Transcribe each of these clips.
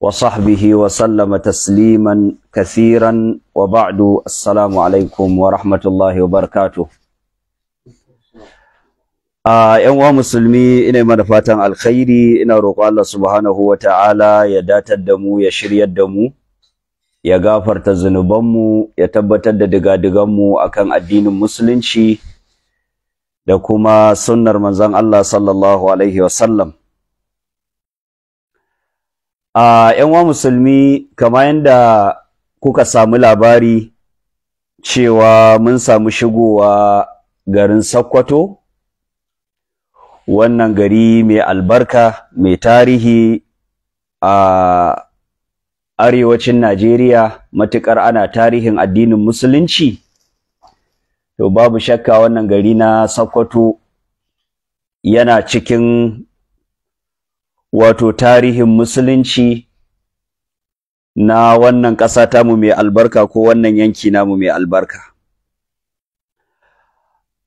وصحبه وسلم تسليما كثيرا وبعد السلام عليكم ورحمة الله وبركاته ‘Yan uwa musulmi ina mana fatan alkhairi ina roƙo Allah subhanahu wa ta'ala ya datar da mu ya shiryar da mu ya gafarta zunubanmu ya tabbatar da diga-diganmu akan addinin musulunci da kuma sunnar manzon Allah sallallahu alaihi wasallam. a yan wa musulmi kama yadda kuka samu labari cewa mun samu shigowa garin Sokoto, wannan gari mai albarka mai tarihi a arewacin Najeriya matukar ana tarihin addinin musulunci to babu shakka wannan gari na Sokoto yana cikin wato tarihin musulunci na wannan ƙasa tamu mai albarka ko wannan yanki namu mai albarka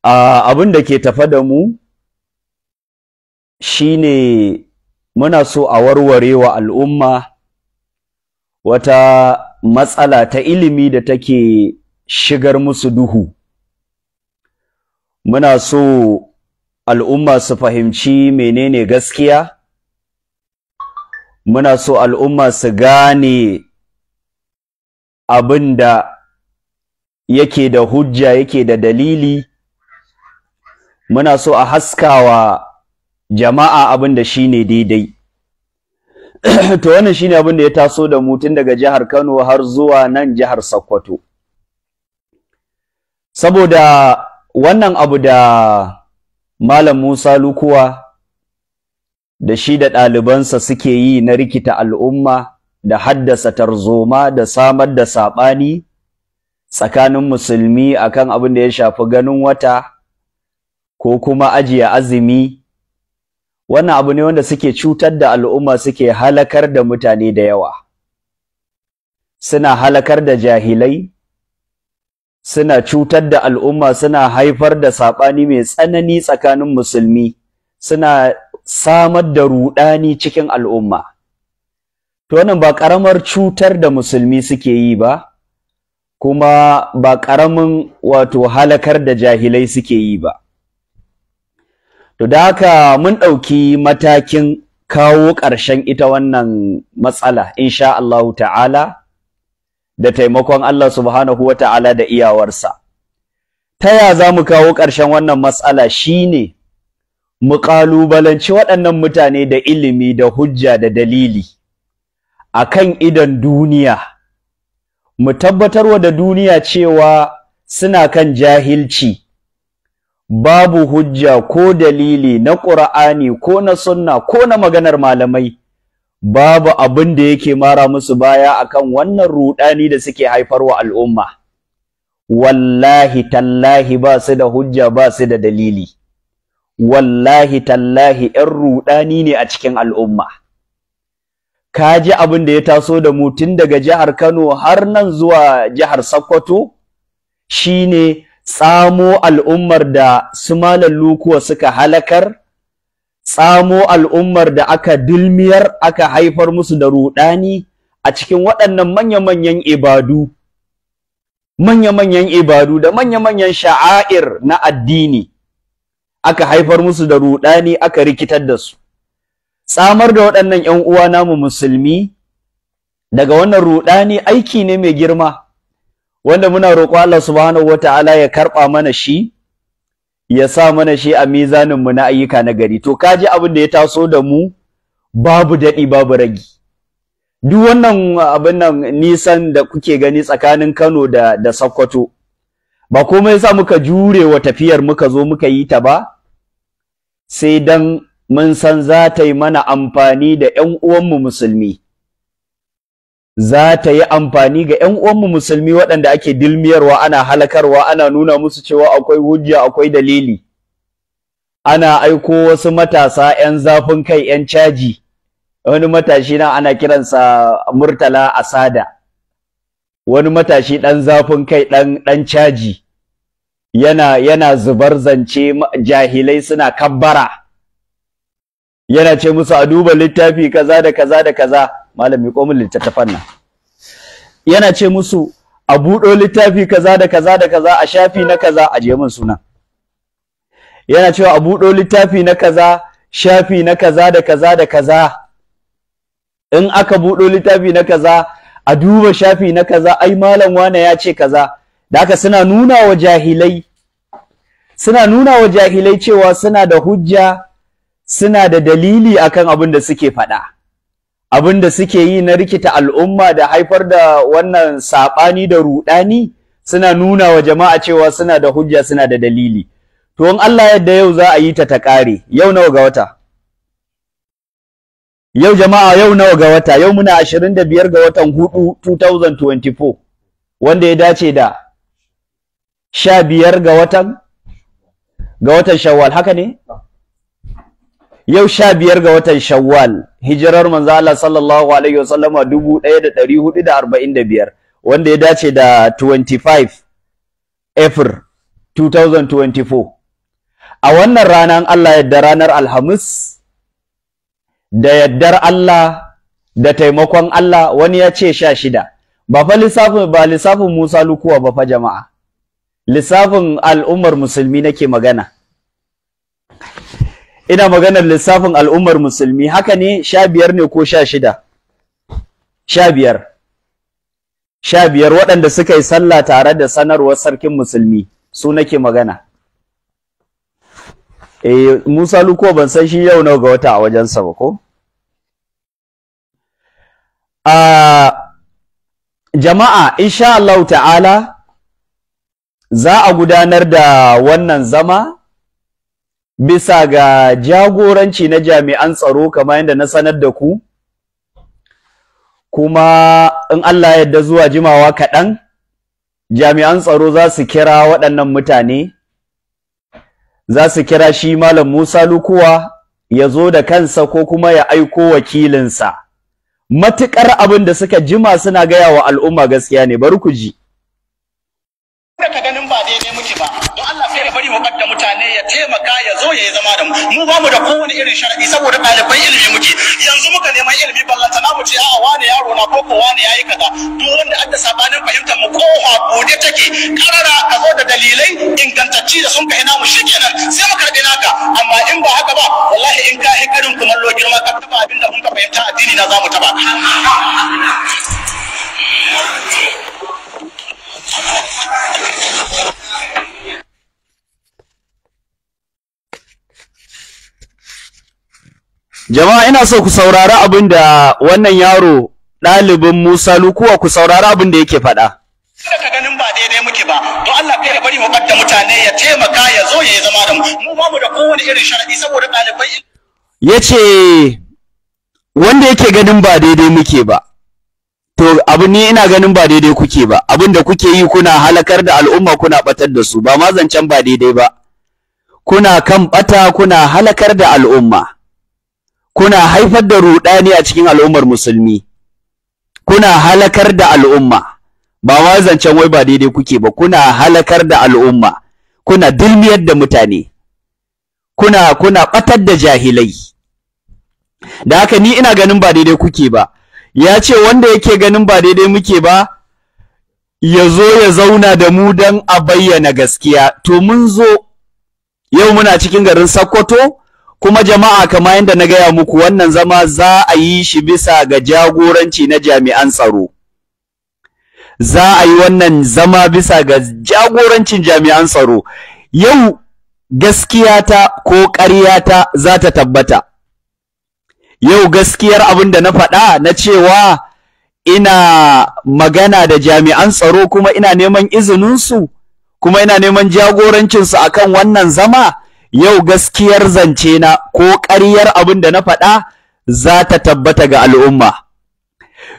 abin da ke tafa da mu shine muna so a warware wa al'umma wata matsala ta ilimi da take shigar musu duhu muna so al'umma su fahimci menene gaskiya muna so al'umma su gane abin da yake da hujja yake da dalili muna so a haskawa jama'a abin da shi ne daidai to wannan shi ne abin da ya taso da mutum daga jihar Kano har zuwa nan jihar Sokoto saboda wannan abu da Malam Musa Lukuwa da shi da ɗalibansa suke yi na rikita al'umma da haddasa tarzoma da samar da saɓani tsakanin musulmi akan abin da ya shafi ganin wata ko kuma ajiye azumi wannan abu ne wanda suke cutar da al'umma suke halakar da mutane da yawa suna halakar da jahilai suna cutar da al'umma suna haifar da saɓani mai tsanani tsakanin musulmi suna samar da rudani cikin al'umma to wannan ba ƙaramar cutar da musulmi suke yi ba kuma ba karamin wato halakar da jahilai suke yi ba to da haka mun ɗauki matakin kawo ƙarshen ita wannan matsala insha Allah ta'ala da taimakon Allah subhanahu wa ta'ala da iyawarsa ta ya za mu kawo ƙarshen wannan matsala shi ne? mu ƙalubalanci waɗannan mutane da ilimi da hujja da dalili a kan idon duniya mu tabbatarwa da duniya cewa suna kan jahilci babu hujja ko dalili na ƙura'ani ko na sunna ko na maganar malamai babu abin da yake mara musu baya akan wannan ruɗani da suke haifarwa al'umma wallahi tallahi ba su da hujja ba su da dalili wallahi tallahi ‘yan ruɗani ne a cikin al'umma. Ka ji abin da ya taso da mu tun daga jihar Kano har nan zuwa jihar Sokoto shi ne tsamo al'ummar da su malam lukuwa suka halakar, tsamo al'ummar da aka dilmiyar aka haifar musu da ruɗani a cikin waɗannan manya-manyan ibadu, manya-manyan ibadu da manya-manyan sha'air na addini. aka haifar musu da rudani aka rikitar da su tsamar da waɗannan ƴan uwa namu musulmi daga wannan rudani aiki ne mai girma wanda muna roƙo Allah subhanahu wataala ya karɓa mana shi ya sa mana shi a mizanin mu na ayyuka na gari to kaji abin da ya taso da mu babu daɗi babu ragi duk wannan abin nan nisan da kuke gani tsakanin Kano da da Sokoto ba komai yasa muka jure wa tafiyar muka zo muka yi ta ba sai dan mun san za ta yi mana amfani da ƴan uwanmu musulmi za ta yi amfani ga ƴan uwanmu musulmi waɗanda ake dilmiyarwa ana halakarwa ana nuna musu cewa akwai hujja akwai dalili ana aiko wasu matasa ƴan zafin kai ƴan caji wani matashi na ana kiransa Murtala Asada wani matashi ɗan zafin kai ɗan caji yana yana zubar zance jahilai suna kabbara yana ce musu a duba littafi kaza da kaza da kaza malam mai komin littattafan nan yana ce musu a buɗo littafi kaza da kaza da kaza a shafi na kaza a je min suna yana cewa a buɗo littafi na kaza shafi na kaza da kaza da kaza in aka buɗo littafi na kaza a duba shafi na kaza ai malam wane ya ce kaza da haka suna nuna wa jahilai suna nuna wa jahilai cewa suna da hujja suna da dalili akan abin da suke faɗa abin da suke yi na rikita al'umma da haifar da wannan saɓani da ruɗani suna nuna wa jama'a cewa suna da hujja suna da dalili to in Allah yadda yau za a yi ta ta ƙare yau nawa ga wata Yau jama'a yau nawa ga wata, yau muna 25 ga watan hudu 2024, wanda ya dace da 15 ga watan ga watan Shawwal, haka ne? Yau 15 ga watan Shawwal, hijirar manzo Allah sallallahu alaihi da 1445, wanda ya dace da 25 April 2024. A wannan ranar Allah yadda ranar Alhamis da yaddar Allah da taimakon Allah wani ya ce sha shida ba fa lissafin Musa lukuwa ba fa jama'a lissafin al'ummar musulmi nake magana ina maganar lissafin al'ummar musulmi haka ne sha biyar ne ko sha shida sha biyar sha biyar waɗanda suka yi sallah tare da sanarwar sarkin musulmi su nake magana eh Musa Luko ban san shi yau nawa ga wata a wajensa ba ko a ah, jama'a insha Allah ta'ala za a gudanar da wannan zama bisa ga jagoranci na jami'an tsaro kamar yadda na sanar da ku kuma in Allah yadda zuwa jimawa kaɗan jami'an tsaro za su kira waɗannan mutane za su kira shi malam Musa Lukuwa ya zo da kansa ko kuma ya aiko wakilinsa matuƙar abin da suka jima suna gaya wa al'umma gaskiya ne bari ku ji rubar da mutane ya taimaka ya zo ya yi zama da mu mu ba mu da kowane irin sharadi saboda ɗalibai ilimi muke yanzu muka neman ilimi ballanta na mu ce a'a wane yaro na ko wane yayi kaza duk wanda adda sabanin fahimtar mu ko bude take karara ka zo da dalilai ingantacci da sun kai mu shikenan sai mu karɓi naka amma in ba haka ba wallahi in ka hikarin kumallo girma ka taba abin da mun ka fahimta addini na zamu taba jama'a ina so ku saurari abin da wannan yaro ɗalibin Musa Lukuwa ku saurari abin da yake faɗa. Daga ganin ba daidai muke ba, to Allah kai ya bari mu kadda mutane ya taimaka ya zo ya zama da mu, mu ba mu da kowane irin sharadi saboda ɗalibai. Ya ce wanda yake ganin ba daidai muke ba, to abu ni ina ganin ba daidai kuke ba, abin da kuke yi kuna halakar da al'umma kuna batar da su ba ma zancen ba daidai ba. Kuna kan bata kuna halakar da al'umma. kuna haifar da ruɗani a cikin al'ummar musulmi kuna halakar da al'umma ba wa zancen wai ba daidai kuke ba kuna halakar da al'umma kuna dulmiyar da mutane kuna kuna batar da jahilai da haka ni ina ganin ba daidai kuke ba ya ce wanda yake ganin ba daidai muke ba ya zo ya zauna da mu don a bayyana gaskiya to mun zo yau muna cikin garin Sokoto kuma jama'a kamar yadda na gaya muku wannan zama za a yi shi bisa ga jagoranci na jami'an tsaro za a yi wannan zama bisa ga jagorancin jami'an tsaro yau gaskiyata ko ƙaryata za ta tabbata yau gaskiyar abin da na faɗa na cewa ina magana da jami'an tsaro kuma ina neman izininsu kuma ina neman jagorancinsu akan wannan zama yau gaskiyar zance na ko ƙaryar abin da na faɗa za ta tabbata ga al'umma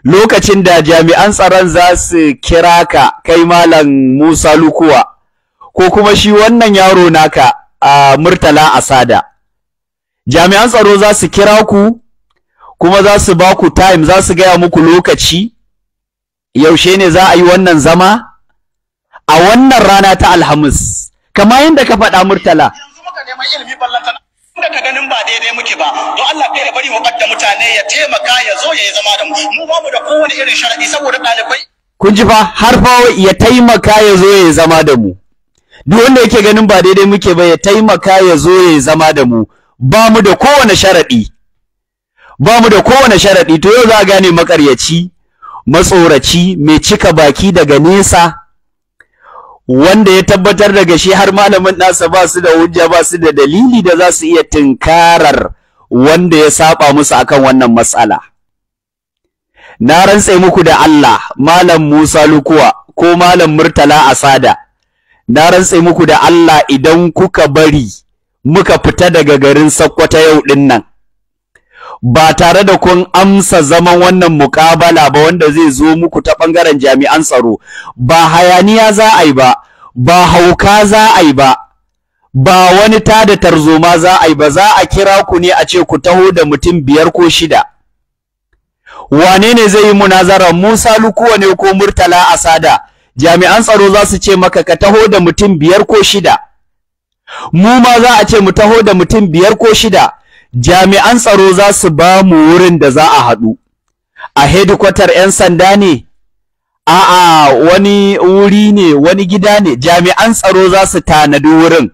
lokacin da jami'an tsaron za su kira ka kai malam Musa Lukuwa ko kuma shi wannan yaro naka a Murtala Asada jami'an tsaro za su kira ku kuma za su ba ku time za su gaya muku lokaci yaushe ne za a yi wannan zama a wannan rana ta Alhamis kama yadda ka faɗa Murtala neman ilimi ballanta da ga ganin ba daidai muke ba don Allah kai ya bari mu bada mutane ya taimaka ya zo ya zama da mu mu ba mu da kowane irin sharadi saboda dalibai kun ji fa har fa ya taimaka ya zo ya zama da mu duk wanda yake ganin ba daidai muke ba ya taimaka ya zo ya zama da mu ba mu da kowane sharadi ba mu da kowane sharadi to yau za a gane makaryaci matsoraci mai cika baki daga nesa wanda ya tabbatar daga shi har malamin nasa ba su da hujja ba su da dalili da za su iya tunkarar wanda ya saba musu akan wannan matsala na rantse muku da Allah malam Musa Lukuwa ko malam Murtala Asada na rantse muku da Allah idan kuka bari muka fita daga garin Sakkwata yau din nan ba tare da kun amsa zaman wannan mukabala ba wanda zai zo muku ta ɓangaren jami'an tsaro ba hayaniya za a yi ba ba hauka za a yi ba ba wani tada tarzoma za a yi ba za a kira ku ne a ce ku taho da mutum biyar ko shida wane ne zai yi munazara Musa Lukuwa ne ko Murtala Asada jami'an tsaro za su ce maka ka taho da mutum biyar ko shida mu ma za a ce mu taho da mutum biyar ko shida jami'an tsaro za su ba mu wurin da za a haɗu a hedikwatar 'yan sanda ne a'a wani wuri ne wani gida ne jami'an tsaro za su tanadi wurin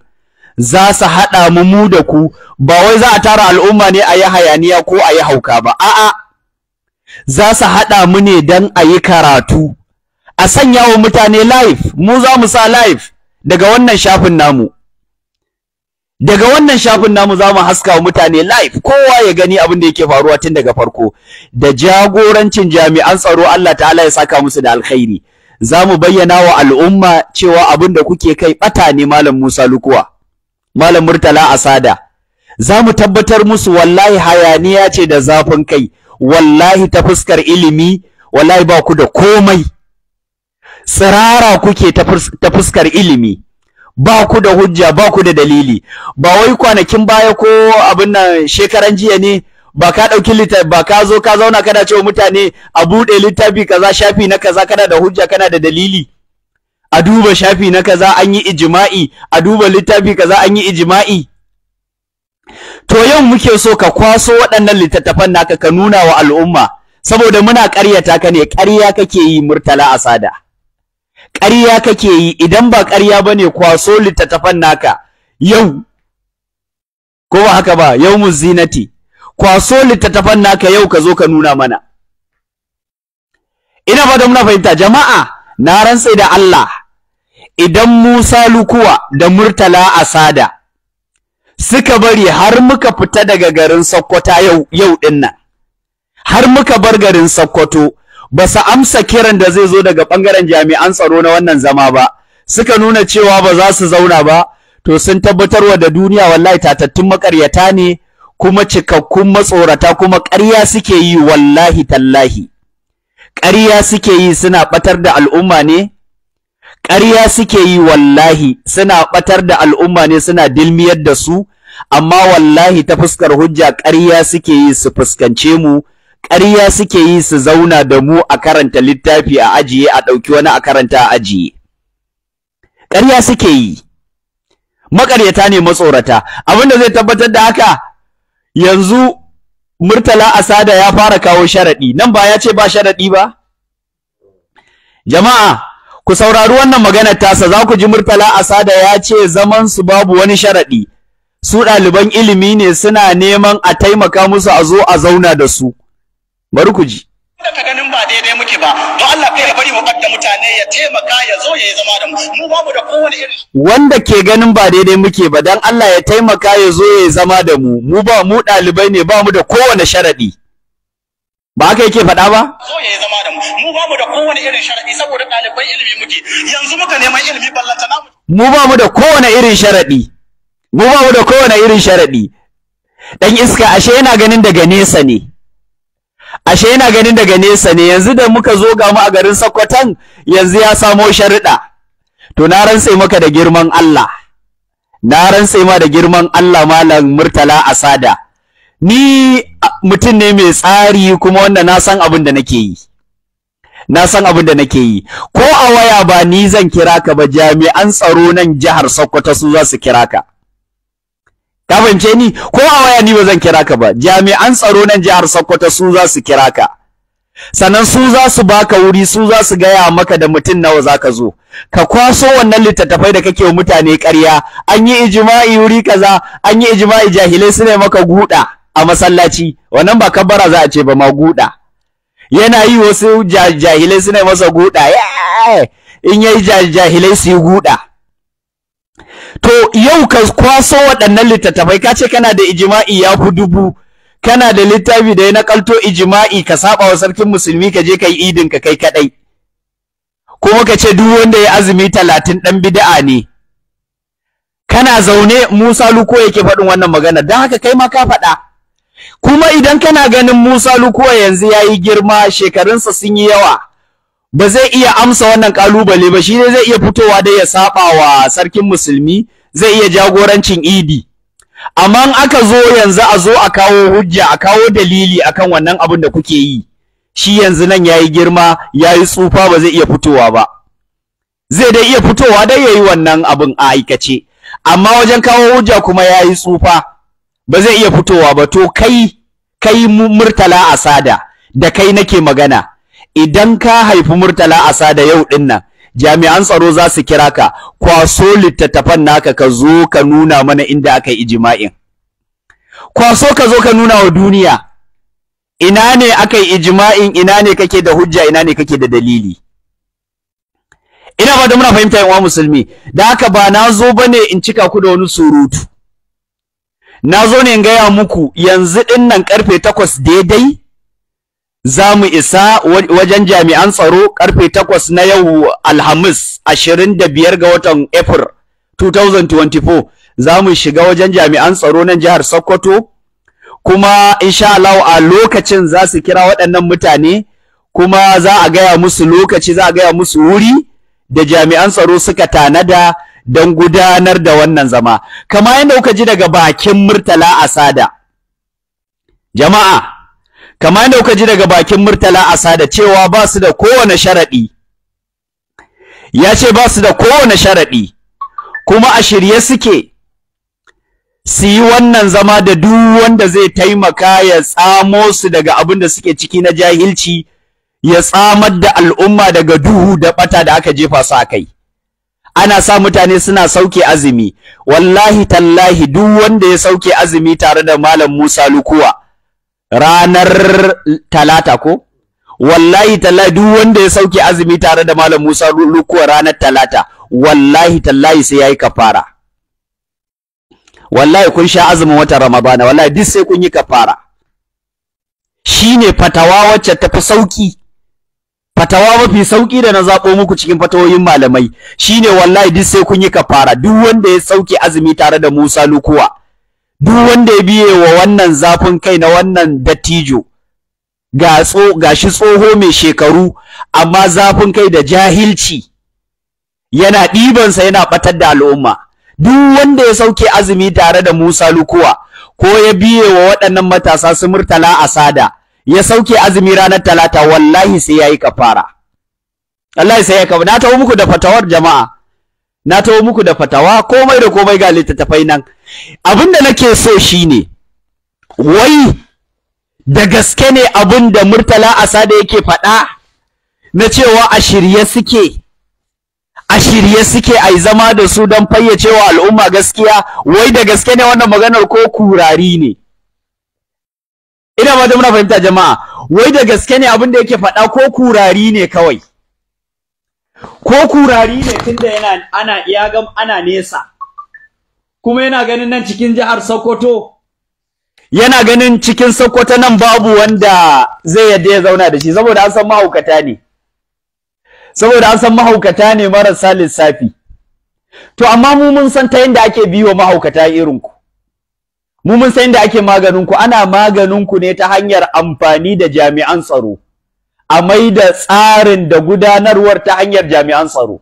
za su haɗa mu mu da ku ba wai za a tara al'umma ne a yi hayaniya ko a yi hauka ba a'a za su haɗa mu ne don a yi karatu a sanya wa mutane live mu za mu sa live daga wannan shafin namu daga wannan shafin namu za mu haska wa mutane live kowa ya gani abin da yake faruwa tun daga farko da jagorancin jami'an tsaro Allah ta'ala ya saka musu da alkhairi za mu bayyana wa al'umma cewa abin da kuke kai bata ne malam Musa Lukuwa malam Murtala Asada za mu tabbatar musu wallahi hayaniya ce da zafin kai wallahi ta fuskar ilimi wallahi ba ku da komai tsirara kuke ta fuskar ilimi ba ku da hujja ba ku da dalili ba wai kwanakin baya ko abin nan shekaran jiya ne ba ka ɗauki littafi ba ka zo ka zauna kana cewa mutane a buɗe littafi kaza shafi na kaza kana da hujja kana da dalili a duba shafi na kaza an yi ijima'i a duba littafi kaza an yi ijima'i to yau muke so ka kwaso waɗannan littattafan naka ka nuna wa al'umma saboda muna ƙaryata ka ne ƙarya kake yi murtala asada ƙarya kake yi idan ba ƙarya bane kwaso littattafan naka yau ko ba haka ba yau zinati kwaso littattafan naka yau ka zo ka nuna mana ina da muna fahimta jama'a na rantse da Allah idan Musa Lukuwa da Murtala Asada suka bari har muka fita daga garin Sokoto yau yau dinnan har muka bar garin Sokoto ba su amsa kiran da zai zo daga ɓangaren jami'an tsaro na wannan zama ba suka nuna cewa ba za su zauna ba to sun tabbatarwa da duniya wallahi tatattun makaryata ne kuma cikakkun matsorata kuma ƙarya suke yi wallahi tallahi ƙarya suke yi suna ɓatar da al'umma ne ƙarya suke yi wallahi suna ɓatar da al'umma ne suna dilmiyar da su amma wallahi ta fuskar hujja ƙarya suke yi su fuskance mu ƙarya suke yi su zauna da mu a karanta littafi a ajiye a ɗauki wani a karanta a ajiye ƙarya suke yi maƙaryata ne matsorata abin da zai tabbatar da haka yanzu murtala asada ya fara kawo sharaɗi nan ba ya ce ba sharaɗi ba jama'a ku saurari wannan maganar tasa za ku ji murtala asada ya ce zaman su babu wani sharaɗi su ɗaliban ilimi ne suna neman a taimaka musu a zo a zauna da su bari ku ji ka ganin ba daidai mutane ya taimaka wanda ke ganin ba daidai muke ba dan Allah ya taimaka ya zo ya zama da mu mu ba mu dalibai ne ba mu da kowane sharadi ba haka yake faɗa ba? mu, ba mu da kowane irin sharaɗi saboda dalibai ilimi muke, yanzu muka neman ilimi ballanta namu. Mu ba mu da kowane irin sharaɗi, mu ba mu da kowane irin sharaɗi. Ɗan iska ashe yana ganin daga nesa ne. ashe yana ganin daga nesa ne yanzu da muka zo ga mu a garin Sokoton yanzu ya samo sharuɗa to na rantse maka da girman Allah na rantse ma da girman Allah malam Murtala Asada ni mutum ne mai tsari kuma wanda na san abin da nake yi na san abin da nake yi ko a waya ba ni zan kira ka ba jami'an tsaro nan jihar Sokoto su za su kira ka ka fahimce ni ko a waya ni ba zan kira ka ba jami'an tsaro nan jihar Sokoto su za su kira ka sannan su za su baka wuri su za su gaya maka da mutum nawa za ka zo ka kwaso wannan littattafai da kake wa mutane ƙarya an yi ijima'i wuri kaza an yi ijima'i jahilai su ne maka guda a masallaci wannan ba kabbara za a ce ba ma guda yana yi wasu jahilai su ne masa guda in yayi jahilai su yi guda to yau ka kwaso waɗannan littattafai ka ce kana da ijima'i ya fi dubu kana da littafi da ya nakalto ijima'i ka saba wa sarkin musulmi ka je ka yi idin ka kai kaɗai kuma ka ce duk wanda ya azumi talatin ɗan bida'a ne kana zaune Musa Luko yake faɗin wannan magana don haka kai ma ka faɗa kuma idan kana ganin Musa Luko yanzu ya yi girma shekarunsa sun yi yawa ba zai iya amsa wannan kalubale ba shi ne zai iya fitowa dai ya saba wa sarkin musulmi zai iya jagorancin idi amma aka zo yanzu a zo a kawo hujja a kawo dalili akan wannan abin da kuke yi shi yanzu nan yayi girma yayi tsufa ba zai iya fitowa ba zai dai iya fitowa dai yayi wannan abin a aikace amma wajen kawo hujja kuma yayi tsufa ba zai iya fitowa ba to kai kai murtala asada da kai nake magana idan ka haifi murtala a sada yau din jami'an tsaro za su kira ka kwaso littattafan naka ka zo ka nuna mana inda aka yi ijima'in kwaso ka zo ka nuna wa duniya ina ne aka yi ijima'in ina ne kake da hujja ina ne kake da dalili ina da muna fahimta yan uwa musulmi da haka ba na zo bane in cika ku da wani surutu na zo ne in gaya muku yanzu ɗinnan karfe takwas daidai za mu isa wajen jami'an tsaro karfe takwas na yau alhamis ashirin da biyar ga watan april 2024 za mu shiga wajen jami'an tsaro nan jihar sokoto kuma insha Allah a lokacin za su kira waɗannan mutane kuma za a gaya musu lokaci za a gaya musu wuri da jami'an tsaro suka tanada don gudanar da wannan zama kama yadda kuka ji daga bakin murtala asada jama'a kama yadda kuka ji daga bakin murtala asa da cewa ba su da kowane sharaɗi ya ce ba su da kowane sharaɗi kuma a shirye suke su yi wannan zama da duk wanda zai taimaka ya tsamo su daga abin da suke ciki na jahilci ya tsamar da al'umma daga duhu da bata da aka jefa su a kai ana sa mutane suna sauke azumi wallahi tallahi duk wanda ya sauke azumi tare da malam Musa Lukuwa ranar talata ko wallahi tallahi duk wanda ya sauke azumi tare da malam Musa Lukuwa ranar talata wallahi tallahi sai yayi kafara wallahi kun sha azumin watan Ramadana wallahi duk sai kun yi kafara shine fatawa wacce ta fi sauki fatawa mafi sauki da na zaɓo muku cikin fatawoyin malamai shine wallahi duk sai kun yi kafara duk wanda ya sauke azumi tare da Musa Lukuwa duk wanda ya biye wa wannan zafin kai na wannan dattijo ga tso gashi tsoho mai shekaru amma zafin kai da jahilci yana ɗibansa yana ɓatar da al'umma duk wanda ya sauke azumi tare da Musa Lukuwa ko ya biye wa waɗannan matasa su murtala asada ya sauke azumi ranar talata wallahi sai yayi kafara Allah sai ya kafara na tawo muku da fatawar jama'a na tawo muku da fatawa komai da komai ga littattafai nan abin da nake so shine wai da gaske ne abin da murtala sada yake faɗa na cewa a shirye suke a shirye suke a zama da su don fayyacewa al'umma gaskiya wai da gaske ne wannan maganar ko kurari ne ina ba da muna fahimta jama'a wai da gaske ne abin da yake faɗa ko kurari ne kawai ko kurari ne tunda yana ana iya gam ana nesa kuma yana ganin nan cikin jihar Sokoto yana ganin cikin Sokoto nan babu wanda zai yadda ya zauna da shi saboda an san mahaukata ne saboda an san mahaukata ne marasa lissafi to amma mu mun san ta yadda ake biyo mahaukata irin ku mu mun san yadda ake maganin ku ana maganin ku ne ta hanyar amfani da jami'an tsaro a mai da tsarin da gudanarwar ta hanyar jami'an tsaro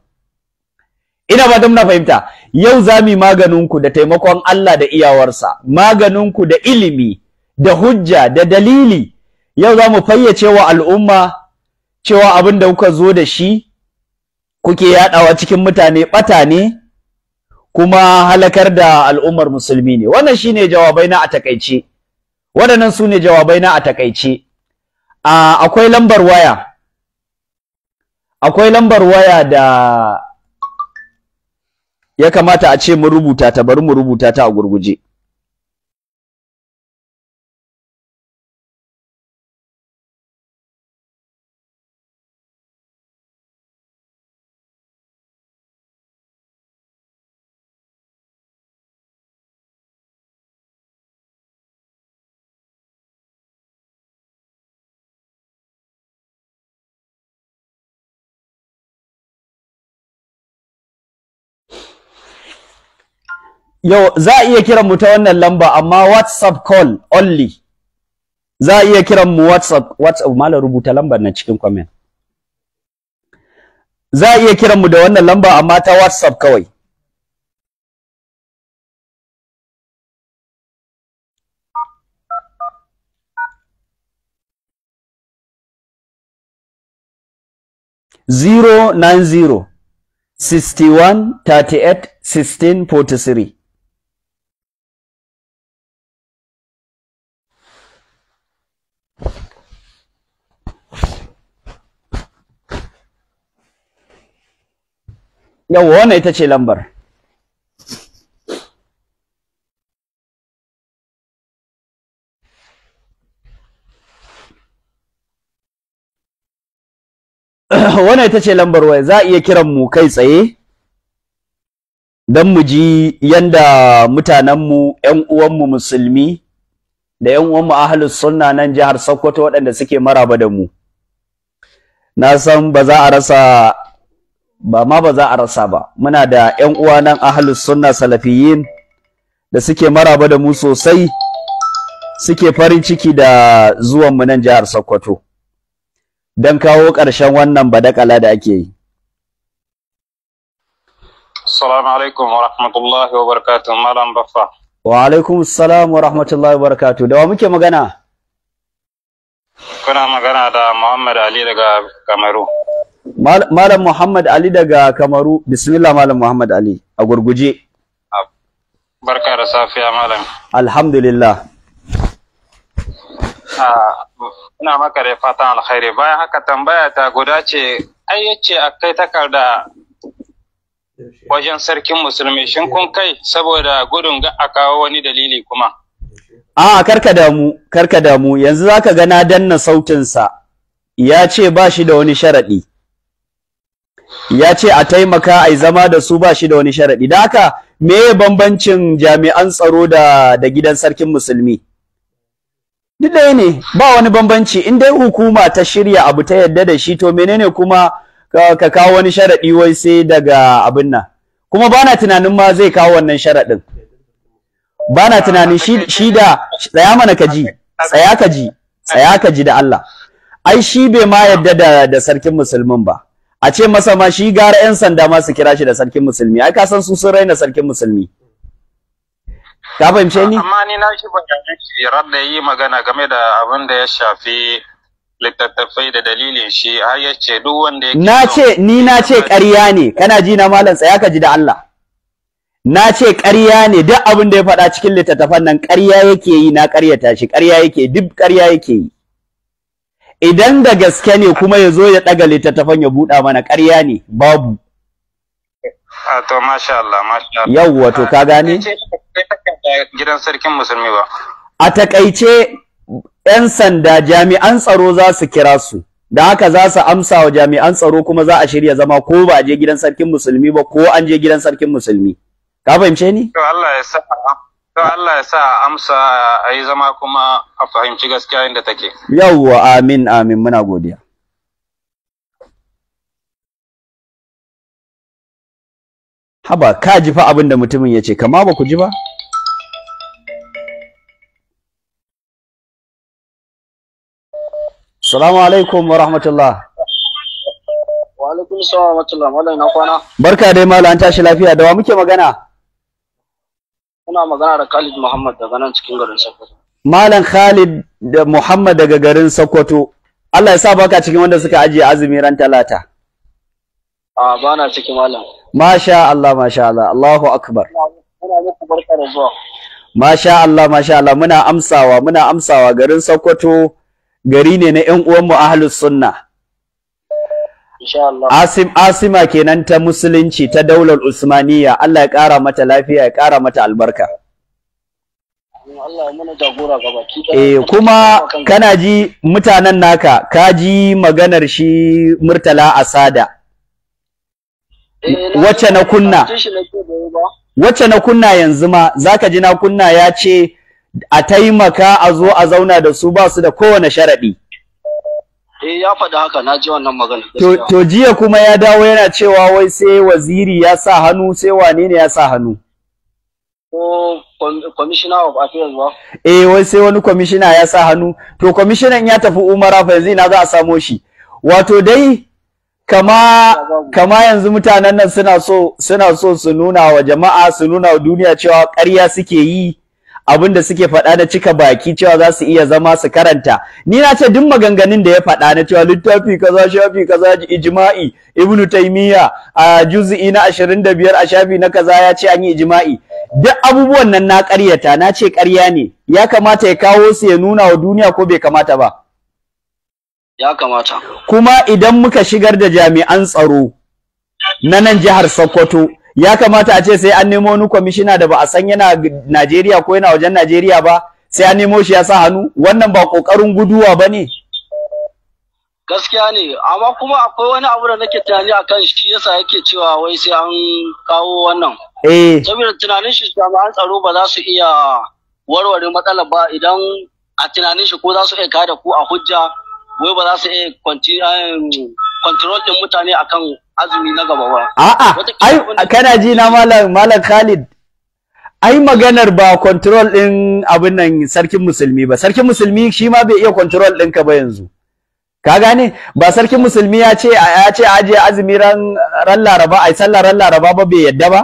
ina ba muna fahimta yau za mu maganinku da taimakon Allah da iyawarsa maganinku da ilimi da hujja da dalili yau za mu fayyace wa al'umma cewa abin da kuka zo da shi kuke yaɗawa cikin mutane ɓata ne kuma halakar da al'ummar musulmi ne wannan shine jawabai na a takaice waɗannan su ne jawabai na a takaice ah, akwai lambar waya akwai lambar waya da ya kamata a ce mu rubuta ta bari mu rubuta ta a gurguje yau za a iya kiran mu ta wannan lamba amma whatsapp call only za a iya kiran mu whatsapp whatsapp mala rubuta lambar nan cikin comment za a iya kiran mu da wannan lamba amma ta whatsapp kawai Zero nine zero sixty one thirty eight sixteen forty three yawwa wannan ita ce lambar wannan ita ce lambar waya za a iya kiran mu kai tsaye don mu ji yanda mutanenmu ‘yan uwanmu musulmi da ‘yan uwanmu ahalus sunna nan jihar Sokoto waɗanda suke maraba da mu. Na san ba za a rasa ba ma ba za a rasa ba muna da ƴan uwa nan ahlus sunna salafiyin da suke maraba da mu sosai suke farin ciki da zuwan mu nan jihar Sokoto don kawo ƙarshen wannan badakala da ake yi Assalamu alaikum wa rahmatullahi wa barakatuh Malam Baffa Wa alaikum assalam wa rahmatullahi wa barakatuh da wa muke magana Kuna magana da Muhammad Ali daga Kamaru Malam Muhammad Ali daga Kamaru, bismillah Malam Muhammad Ali, a gurguje. Barka da safiya Malam. Alhamdulillah. Ina maka da fatan alkhairi bayan haka tambaya ta guda ce, ai yace a kai takarda wajen sarkin musulmi shin kun kai saboda gudun ga a kawo wani dalili kuma. A karka damu, karka damu, yanzu za ka gana danna sautinsa, ya ce ba shi da wani sharaɗi. ya ce a taimaka a zama da su ba shi da wani sharaɗi da haka me ya bambancin jami'an tsaro da da gidan sarkin musulmi duk ne ba wani bambanci in dai hukuma ta shirya abu ta yadda da shi to menene kuma ka kawo wani sharaɗi wai sai daga abin nan kuma bana tunanin ma zai kawo wannan sharaɗin ba na tunanin shi da tsaya mana kaji ji tsaya kaji tsaya ka da Allah ai shi bai ma yadda da sarkin musulmin ba a ce masa ma shi gara 'yan sanda ma su kira shi da sarkin musulmi ai ka san su sun raina sarkin musulmi ka fahimce ni amma ni na shi ban shi da yi magana game da abin da ya shafi littattafai da dalilin shi har ya ce duk wanda ya na ce ni na ce ƙarya ne kana ji na malam tsaya ka ji da Allah na ce ƙarya ne duk abin da ya faɗa cikin littattafan nan ƙarya yake yi na ƙaryata shi ƙarya yake duk ƙarya yake yi idan da gaske ne kuma ya zo ya ɗaga littattafan ya buɗa mana ƙarya ne babu ah, to masha Allah masha Allah Yau wato ka gane gidan sarkin musulmi ba a takaice yan sanda jami'an tsaro za su kira su da haka za su amsa wa jami'an tsaro kuma za a shirya zama ko ba a je gidan sarkin musulmi ba ko an je gidan sarkin musulmi ka fahimce ni to Allah ya sa To Allah ya sa amsa a yi zama kuma a fahimci gaskiya inda take. Yawwa amin amin muna godiya. Haba ka ji fa abin da mutumin ya ce, kama ba ku ji ba? Salamu alaikum wa rahmatullah. Wa alaikum salam wa rahmatullah, na kwana. Barka dai malam an tashi lafiya da wa muke magana? Muna magana da Khalid Muhammad daga nan cikin garin Sokoto. Malam Khalid da Muhammad daga garin Sokoto. Allah ya sa baka cikin wanda suka ajiye azumi ran talata. A ba na cikin malam. Masha Allah, masha Allah, Allahu Akbar. Muna muku barka da zuwa. Masha Allah, masha Allah, muna amsawa, muna amsawa garin Sokoto gari ne na ƴan uwanmu ahlus sunna. Asim Asima kenan ta musulunci ta daular Usmaniya Allah ya ƙara mata lafiya ya ƙara mata albarka Eh kuma kana ji mutanen naka ka ji maganar shi Murtala Asada eh, wacce na kunna wacce na kunna yanzu ma zaka ji na kunna ya ce a taimaka a zo a zauna da su ba su da kowane sharaɗi Eh ya faɗi haka na ji wannan magana. To jiya kuma ya dawo yana cewa wai sai waziri ya sa hannu sai wane ne ya sa hannu. Ko commissioner of affairs ba. Eh wai sai wani commissioner ya sa hannu. To commissioner ya tafi Umara fa yanzu ina za a samo shi. Wato dai kama kama yanzu mutanen nan suna so suna so su nuna wa jama'a su nuna wa duniya cewa ƙarya suke yi abin da suke faɗa da cika baki cewa za su iya zama su karanta ni na ce duk maganganun da ya faɗa na cewa littafi kaza shafi kaza ijma'i ibnu taymiya a juz'i na 25 a shafi na kaza ya ce an yi ijma'i duk abubuwan nan na ƙaryata na ce ƙarya ne ya kamata ya kawo su ya nuna wa duniya ko bai kamata ba ya kamata kuma idan muka shigar da jami'an tsaro na nan jihar Sokoto ya kamata a ce sai an nemo wani kwamishina da ba a san yana Najeriya ko yana wajen Najeriya ba sai an nemo shi ya sa hannu wannan ba kokarin guduwa ba ne gaskiya ne amma kuma akwai wani abu da nake tunani a kan shi yasa yake cewa wai sai an kawo wannan eh saboda tunanin shi jami'an tsaro ba za su iya warware matsalar ba idan a tunanin shi ko za su iya kada ku a hujja wai ba za su iya kwanci control din mutane akan azumi na gaba ba a'a ai kana ji na malam malam Khalid ai maganar ba control din abin nan sarkin musulmi ba sarkin musulmi shi ma bai iya control ɗinka ba yanzu ka gane ba sarkin musulmi ya ce ya ce aje azumi ran ran laraba ai sallar ran laraba ba bai yadda ba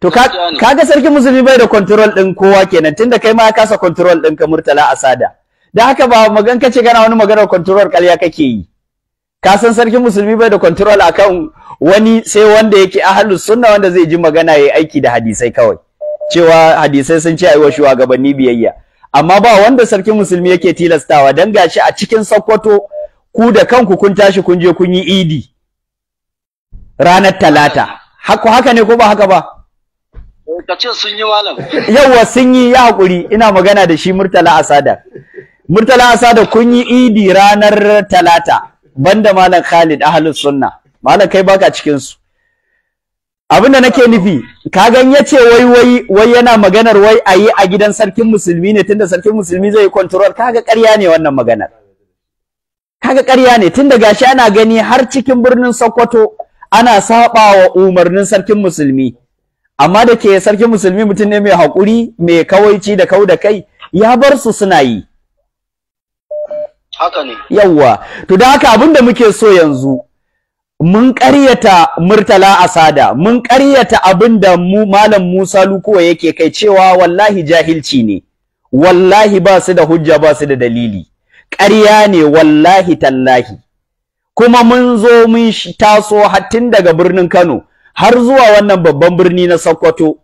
to ka kaga sarkin musulmi bai da control din kowa kenan tunda kai ma ya kasa control ɗinka murtala asada da haka ba magan kace kana wani maganar control ƙarya kake yi ka san sarkin musulmi bai da control akan wani sai wanda yake ahlus sunna wanda zai ji magana yayi aiki da hadisai kawai cewa hadisai sun ce ai wa shugabanni biyayya amma ba wanda sarkin musulmi yake tilastawa dan gashi a cikin Sokoto ku da kanku kun tashi kun je kun yi idi ranar talata haka haka ne ko ba haka ba lokacin sun yi malam yawa sun yi ya hakuri ina magana da shi Murtala Asada Murtala Asada kun yi idi ranar talata banda malam Khalid ahlus sunna malam kai baka cikin su abin da nake nufi ka gan yace wai wai wai yana maganar wai ayi a gidan sarkin musulmi ne tunda sarkin musulmi zai control kaga ƙarya ne wannan maganar kaga ƙarya ne tunda gashi ana gani har cikin birnin Sokoto ana saba wa umarnin sarkin musulmi amma da ke sarkin musulmi mutum ne mai hakuri mai kawaici da kau da kai ya bar su suna yi haka ne to da haka abin da muke so yanzu mun ƙaryata murtala asada mun ƙaryata abin da mu malam Musa luko yake kai cewa wallahi jahilci ne wallahi ba su da hujja ba su da dalili ƙarya ne wallahi tallahi kuma mun zo mun taso hatin daga birnin Kano har zuwa wannan babban birni na Sokoto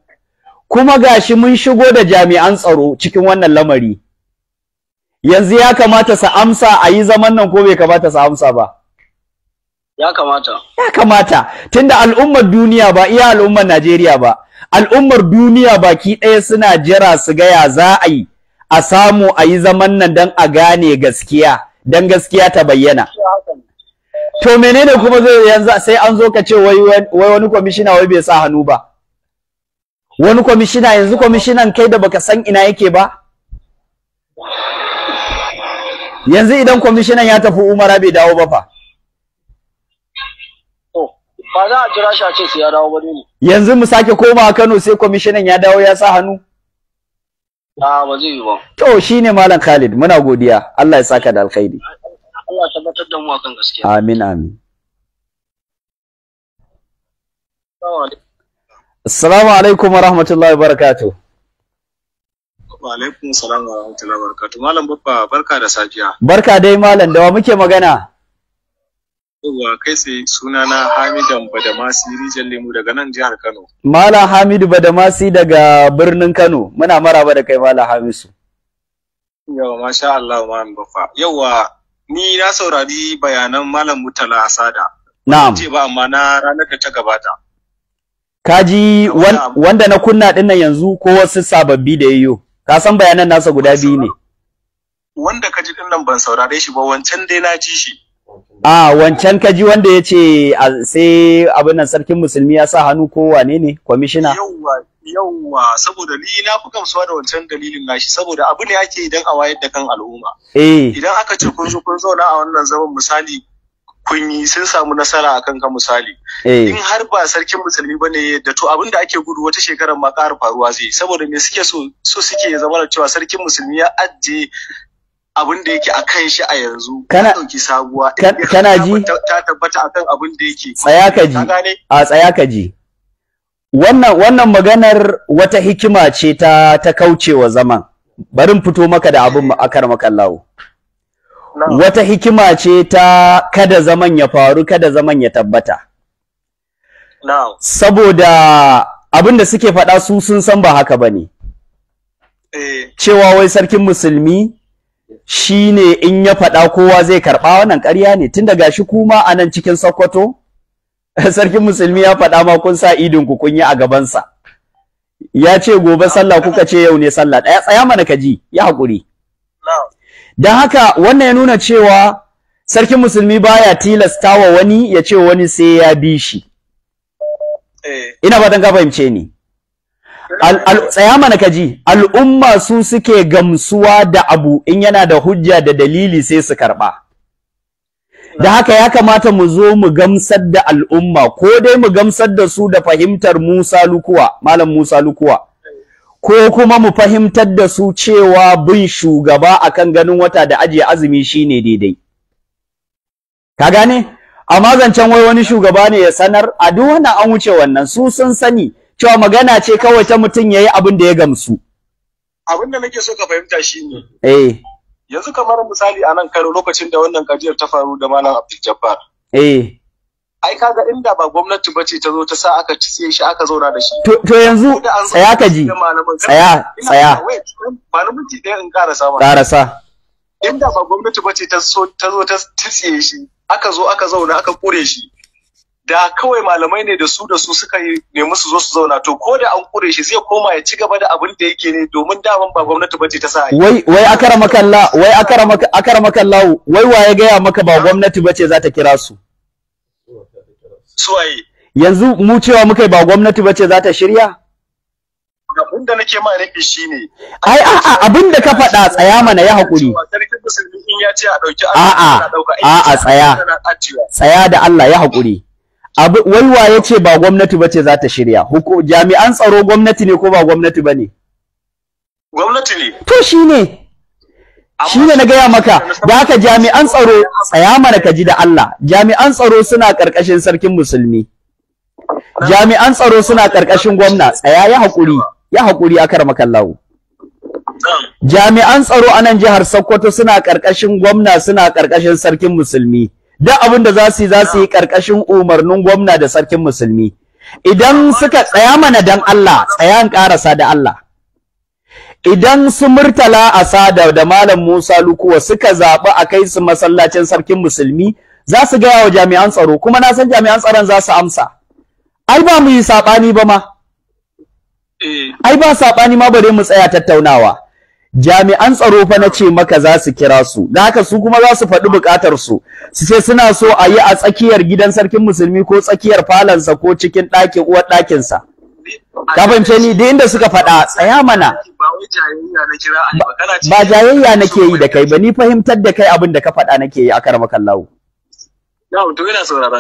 kuma gashi mun shigo da jami'an tsaro cikin wannan lamari yanzu ya kamata sa amsa a yi zaman nan ko bai kamata sa amsa ba ya kamata ya kamata tunda al'ummar duniya ba iya al'ummar Najeriya ba al'ummar duniya baki ɗaya suna jira su gaya za a yi a samu a yi zaman nan don a gane gaskiya don gaskiya ta bayyana to menene kuma zai yanzu sai an zo ka ce wai wani kwamishina wai bai sa hannu ba wani kwamishina yanzu kwamishinan kai da baka san ina yake ba yanzu idan kwamishinan ya tafi umara bai dawo ba fa ba za a jira shi a ce sai ya dawo ba ne yanzu mu sake komawa Kano sai kwamishinan ya dawo ya sa hannu a ba zai yi ba to shine malam Khalid muna godiya Allah ya saka da alkhairi Allah tabbatar da mu akan gaskiya amin amin Assalamu alaikum wa rahmatullahi wa barakatuh Wa alaikum salam wa rahmatullahi wa barakatuh. Malam Baffa barka da safiya. Barka dai malam da wa muke magana? Yawwa kai sai suna na Hamidan Badamasi Rijal Lemu daga nan jihar Kano. Malam Hamidu Badamasi daga birnin Kano. Muna maraba da kai Malam Hamisu. Yawwa masha Allah Malam Baffa. Yawwa ni na saurari bayanan Malam Mutala Asada. Na'am. Ce ba amma na ranar da ta gabata. Kaji wanda na kunna dinnan yanzu ko wasu sababbi da yayyo? ka san bayanan nasa guda biyu ne wanda ka ji din nan ban saurare shi ba wancan dai na ji shi a wancan ka ji wanda ya ce sai abin nan sarkin musulmi ya sa hannu ko wane ne kwamishina yawwa yauwa saboda ni na fi gamsuwa da wancan dalilin nashi saboda abu ne ake idan a wayar da kan al'umma eh. idan aka ce kun zo kun zauna a wannan zaman misali kun yi sun samu nasara akan ka misali eh. in har ba sarkin musulmi ba ne da to abin da ake gudu wata shekarar ma ƙara faruwa zai saboda me suke so su suke zama da cewa sarkin musulmi ya ajiye abin da yake a kan shi a yanzu kana ɗauki sabuwa kana ji ta tabbata kan abin da yake tsaya ka ji a tsaya ka ji wannan wannan maganar wata hikima ce ta ta kaucewa zaman barin fito maka da abin akar makallawo wata hikima ce ta kada zaman ya faru kada zaman ya tabbata saboda abin da suke faɗa su sun san ba haka ba ne eh. cewa wai sarkin musulmi shi ne in ya faɗa kowa zai karɓa wannan ƙarya ne tun daga shi kuma a nan cikin sokoto sarkin musulmi ya faɗa ma kun sa idinku kun yi a gabansa ya ce gobe sallah kuka ce yau ne sallah ɗaya tsaya mana ka ji ya haƙuri Da haka wannan ya nuna cewa sarkin musulmi baya tilasta wa wani ya ce wani sai ya bi shi eh. ina fatan ka fahimce ni tsaya mana kaji al'umma su suke gamsuwa da abu in yana da hujja da dalili sai su karɓa. da haka ya kamata mu zo mu gamsar da al'umma ko dai mu gamsar da su da fahimtar Musa Lukuwa malam Musa Lukuwa ko kuma mu fahimtar da su cewa bin shugaba akan ganin wata da ajiye azumi shine daidai ka gane amma zancen wai wani shugaba ne ya sanar a duk wannan an wuce wannan su sun sani cewa magana ce kawai ta mutum yayi abin da ya gamsu abin da nake so ka fahimta shine eh yanzu kamar misali a nan Kano lokacin da wannan kajiyar ta faru da Malam Abdul Jabbar eh ai kaga inda ba gwamnati ba ce ta zo ta sa aka ci shi aka zauna da shi to yanzu tsaya ka ji tsaya tsaya malamanci ɗaya in karasa ba karasa inda ba gwamnati ba ce ta zo ta tsiye shi aka zo aka zauna aka kure shi da kawai malamai ne da su da su suka yi nemi su zo su zauna to ko da an kure shi zai koma ya ci gaba da abin da yake ne domin daman ba gwamnati ba ce ta sa wai wai akara makalla wai akara makalla wai waye gaya maka ba gwamnati ba ce za ta kira su suwaye yanzu mu cewa muka ba gwamnati bace za ta shirya abinda nake ma rabi shine ai a'a da ka faɗa tsaya mana ya hakuri a a'a a'a tsaya tsaya da Allah ya hakuri abu waiwa ya ce ba gwamnati bace za ta shirya jami'an tsaro gwamnati ne ko ba gwamnati bane gwamnati ne to shine shi ne na gaya maka da haka jami'an tsaro tsaya mana ka ji da Allah jami'an tsaro suna ƙarƙashin sarkin musulmi jami'an tsaro suna ƙarƙashin gwamna tsaya ya haƙuri ya haƙuri akar makallahu jami'an tsaro a nan jihar Sokoto suna ƙarƙashin gwamna suna ƙarƙashin sarkin musulmi duk abin da za su yi za su yi ƙarƙashin umarnin gwamna da sarkin musulmi idan suka tsaya mana dan Allah tsaya in ƙarasa da Allah idan su murtala a sada da malam Musa Lukuwa suka zaɓi a kai su masallacin sarkin musulmi za su gaya wa jami'an tsaro kuma na san jami'an tsaron za su amsa ai ba mu yi saɓani ba ma eh. ai ba saɓani ma bare mu tsaya tattaunawa jami'an tsaro fa na ce maka za su kira su da haka su kuma za su faɗi buƙatar su su ce suna so a yi a tsakiyar gidan sarkin musulmi ko tsakiyar falansa ko cikin ɗakin uwar ɗakinsa ka fahimce ni duk inda suka faɗa tsaya mana ba jayayya nake yi da kai ba ni fahimtar da kai abin da ka faɗa nake yi a karamakan lawo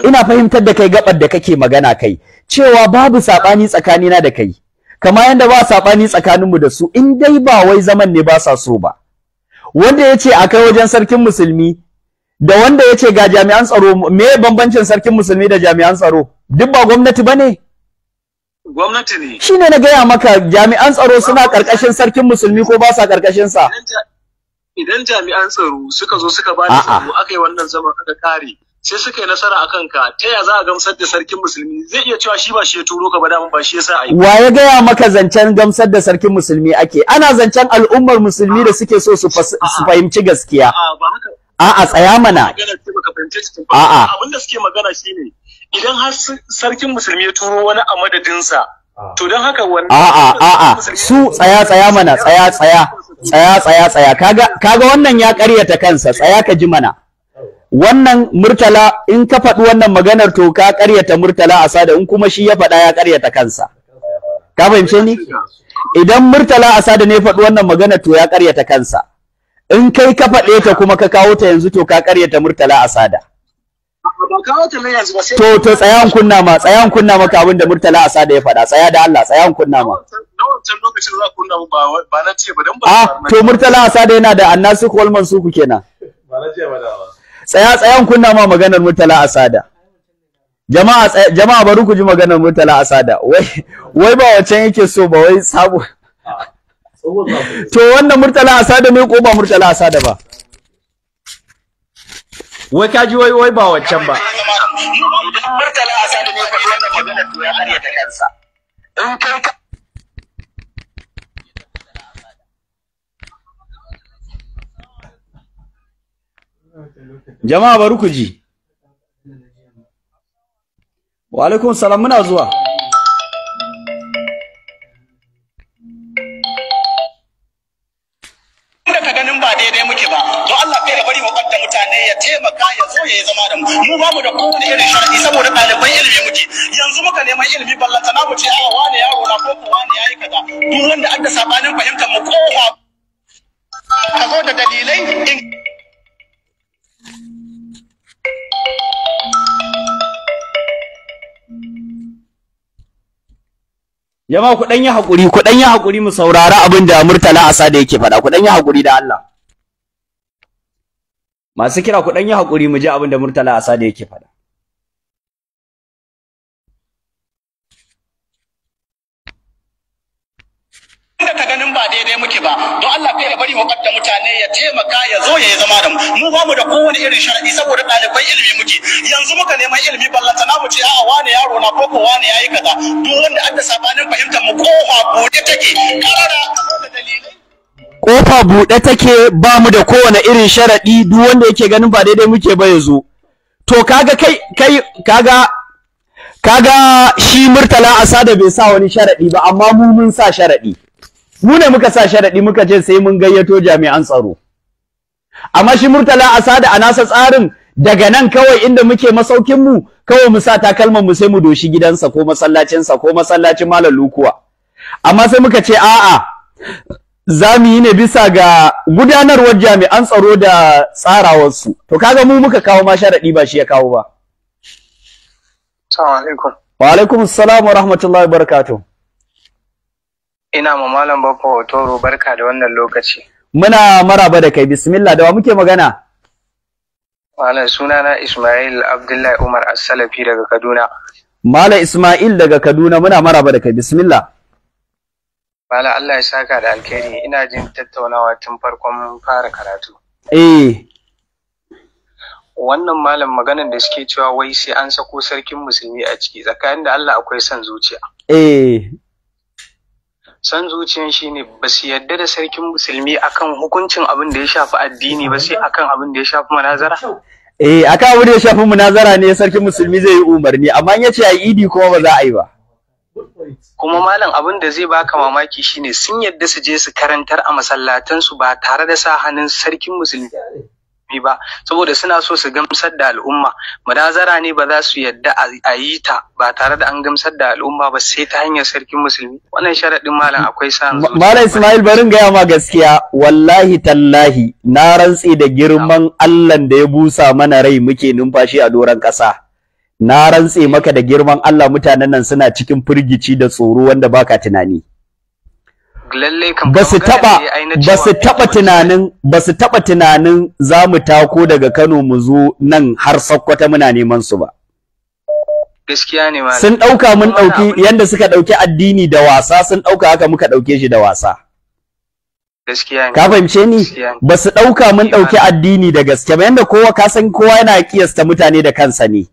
ina fahimtar da kai gabar da kake magana kai cewa babu saɓani na da kai kama yadda ba saɓani tsakaninmu da su in dai ba wai zaman ne ba sa so ba wanda ya ce a kai wajen sarkin musulmi da wanda ya ce ga jami'an tsaro me bambancin sarkin musulmi da jami'an tsaro duk ba gwamnati ba ne gwamnati ne ne na gaya maka jami'an tsaro suna karkashin sarkin musulmi ko ba sa karkashin sa idan jami'an tsaro suka zo suka ba da tsaro aka yi wannan zaman aka kare sai suka yi nasara a kanka ta ya za a gamsar da sarkin musulmi zai iya cewa shi ba shi ya turo ka ba daman ba shi ya a yi wa ya gaya maka zancen gamsar da sarkin musulmi ake ana zancen al'ummar musulmi da suke so su fahimci gaskiya a'a tsaya mana a'a abinda suke magana shine idan har sarkin musulmi ya turo wani a madadinsa ah. to don haka wannan a'a a su tsaya tsaya mana tsaya tsaya tsaya tsaya tsaya kaga kaga wannan ya karyata kansa tsaya ka ji mana wannan murtala in ka faɗi wannan maganar to ka karyata murtala a sada in kuma shi ya faɗa ya karyata kansa ka fahimce ni idan murtala a sada ne faɗi wannan maganar to ya karyata kansa in kai ka faɗe ta kuma ka kawo ta yanzu to ka karyata murtala a sada To to tsayan kunna ma tsayan kunna maka abin da Murtala Asa da ya faɗa tsaya da Allah tsayan kunna ma. ba na ce ba dan ba. Ah, to Murtala Asa da yana da annasu su ku kenan. Ba na ce ba da ba. Tsaya tsayan kunna ma maganar Murtala Asada. Jama'a jama'a bari ku ji maganar Murtala Asada. Wai wai ba wancan yake so ba wai sabo. Ah, to wannan Murtala Asada ne ko ba Murtala Asada ba? wai ka ji wai ba waccan ba. Jama'a bari ku ji. Wa alaikun salam muna zuwa. jama'a ku dan yi hakuri ku dan hakuri mu saurari abin da Murtala Asada yake faɗa ku dan yi hakuri da Allah masu kira ku dan yi hakuri mu ji abin da Murtala da yake faɗa ka ganin ba daidai muke ba don Allah kai ya bari mu kadda mutane ya taimaka ya zo ya zama da mu mu ba mu da kowane irin sharadi saboda ɗalibai ilimi muke yanzu muka neman ilimi ballanta na mu ce a'a wane yaro na ko wane yayi kaza duk wanda aka sabanin fahimtar mu kofa bude take karara kofa buɗe take ba mu da kowane irin sharaɗi duk wanda yake ganin ba daidai muke ba ya zo to kaga kai kai kaga kaga shi murtala asada bai sa wani sharaɗi ba amma mu mun sa sharaɗi mu ne muka sa sharaɗi muka ce sai mun gayyato jami'an tsaro amma shi murtala sada a nasa tsarin daga nan kawai inda muke masaukin mu kawai mu sa takalman mu sai mu doshi gidansa ko masallacinsa ko masallacin malam lukuwa amma sai muka ce a'a za mu yi ne bisa ga gudanarwar jami'an tsaro da tsarawarsu to kaga mu muka kawo ma sharaɗi ba shi ya kawo ba Wa alaikum salam wa rahmatullahi wa barakatuh. Ina ma Malam Baffa Otoro, barka da wannan lokaci. Muna maraba da kai bismillah da wa muke magana? Malam sunana Ismail Abdullahi Umar As-Salafi daga Kaduna. Malam Ismail daga Kaduna muna maraba da kai bismillah. Malam Allah ya saka da alkhairi ina jin tattaunawa tun farkon fara karatu. Eh. wannan malam maganar da suke cewa wai sai an sako sarkin musulmi a ciki tsakanin da Allah akwai son zuciya. Eh. san zuciyan shi ne ba su yarda da sarkin musulmi akan hukuncin abin da ya shafi addini ba sai akan abin da ya shafi munazara eh akan abin da ya shafi munazara ne sarkin musulmi zai yi umarni amma in yace ai idi kuma ba za a yi ba kuma malam abin da zai baka mamaki shine sun yarda su je su karantar a masallatan su ba tare da sa hannun sarkin musulmi ba saboda suna so su gamsar da al'umma munazara ne ba za su yadda a yi ta ba tare da an gamsar da al'umma ba sai ta hanyar sarkin musulmi wannan sharaɗin malam akwai sa malam ismail barin gaya ma gaskiya wallahi tallahi na rantse da girman allah da ya busa mana rai muke numfashi a doron ƙasa na rantse maka da girman allah mutanen nan suna cikin firgici da tsoro wanda baka tunani ba su taba ba su taba tunanin ba su taba tunanin za mu tako daga Kano mu zo nan har Sokoto muna neman su ba gaskiya ne malam sun dauka mun dauki yanda suka dauki addini da wasa sun dauka haka muka dauke shi da wasa gaskiya ne ka fahimce ni ba su dauka mun dauki addini da gaske ba yanda kowa ka san kowa yana kiyasta mutane da kansa ne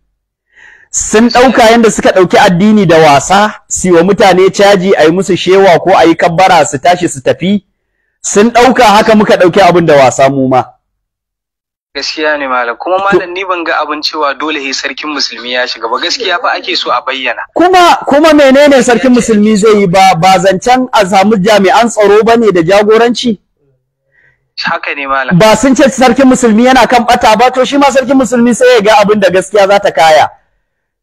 sun ɗauka yadda suka ɗauki addini da wasa su wa mutane caji a yi musu shewa ko a yi kabbara su tashi su tafi sun ɗauka haka muka ɗauki abin da wasa mu ma gaskiya ne mala kuma malam ni ban ga abin cewa dole he sarkin musulmi ya shiga ba gaskiya ba ake so a bayyana kuma kuma menene sarkin musulmi zai yi ba ba zancen a samu jami'an tsaro bane da jagoranci haka ne malam ba sun ce sarkin musulmi yana kan bata ba to shi ma sarkin musulmi sai ya ga abin da gaskiya za ta kaya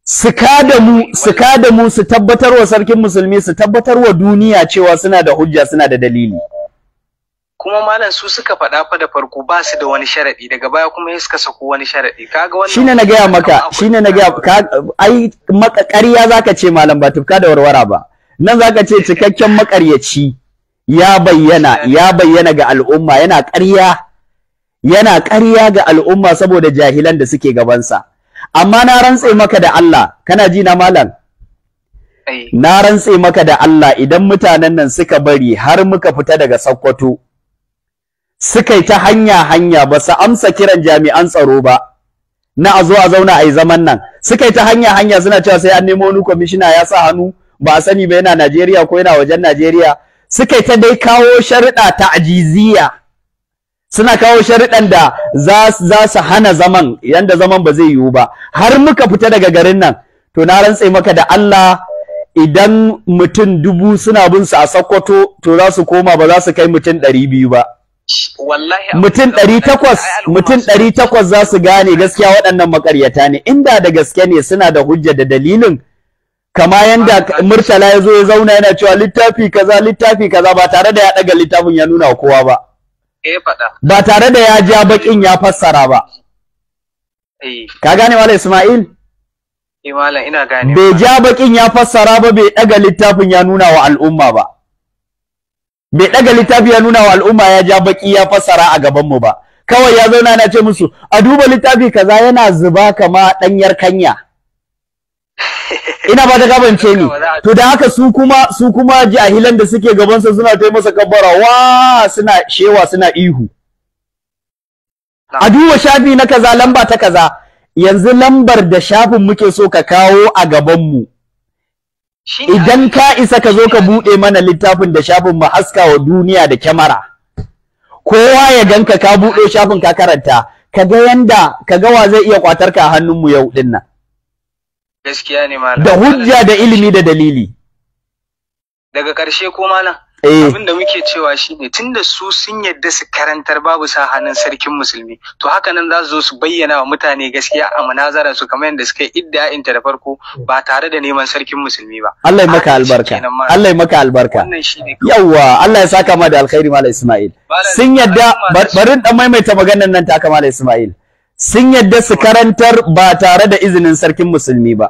su kada mu su kada mu su tabbatarwa sarkin musulmi su tabbatar duniya cewa suna da hujja suna da dalili kuma malam su suka faɗa fa da farko ba su da wani sharadi daga baya kuma suka sako wani sharadi kaga wannan shine na gaya maka shine na gaya ai maka zaka ce malam ba tufka da warwara ba nan zaka ce cikakken makaryaci ya bayyana ya bayyana ga al'umma yana ƙarya yana ƙarya ga al'umma saboda jahilan da suke gabansa amma na rantse maka da Allah kana ji na malam na rantse maka da Allah idan mutanen nan suka bari har muka fita daga Sokoto suka yi ta hanya hanya ba su amsa kiran jami'an tsaro ba na a zo a zauna a yi zaman nan suka yi ta hanya hanya suna cewa sai an nemo wani kwamishina ya sa hannu ba a sani ba yana Najeriya ko yana wajen Najeriya suka yi ta dai kawo sharuɗa ta ajiziya suna kawo sharuɗan da za su hana zaman yanda zaman ba zai yiwu ba har muka fita daga garin nan to na rantse maka da Allah idan mutum dubu suna bin su a Sokoto to za su koma ba za su kai mutum ɗari biyu ba mutum ɗari takwas mutum ɗari takwas za su gane gaskiya waɗannan makaryata ne inda da gaske ne suna da hujja da dalilin kama yanda murtala ya zo ya zauna yana cewa littafi kaza littafi kaza ba tare da ya ɗaga littafin ya nuna kowa ba Eh, ba tare da ya ja bakin ya fassara ba eh. ka gane wala Ismail Imala eh, ina gane bai ja bakin ya fassara ba bai daga littafin ya nuna wa al'umma ba bai daga littafin ya nuna wa al'umma ya ja baki ya fassara a gaban mu ba kawai ya zauna na ce musu a duba littafi kaza yana zuba kama ɗanyar kanya ina ba ta gabance ni to da haka su kuma su kuma jahilan da suke gabansa suna taimaka masa kabbara wa suna shewa suna ihu a duba shafi na kaza lamba ta kaza yanzu lambar da shafin muke so ka kawo a gaban mu idan ka isa ka zo ka buɗe mana littafin da shafin mu haska wa duniya da kyamara kowa ya ganka ka buɗe shafin ka karanta ka ga yanda ka ga wa zai iya kwatar ka hannunmu yau dinnan gaskiya ne malam da hujja da ilimi da dalili daga ƙarshe ko malam eh. abin da muke cewa shine tunda su sun yadda su karantar babu sa hannun sarkin musulmi to haka nan za su zo su bayyana wa mutane gaskiya a munazara su kamar yadda suka idda iddia'in ta da farko ba tare da neman sarkin musulmi ba Allah ya maka albarka Allah ya maka albarka yawa Allah ya saka ma da alkhairi malam Ismail sun yadda bari dan maimaita maganar nan ta malam Ismail sun yadda su karantar ba tare da izinin sarkin musulmi ba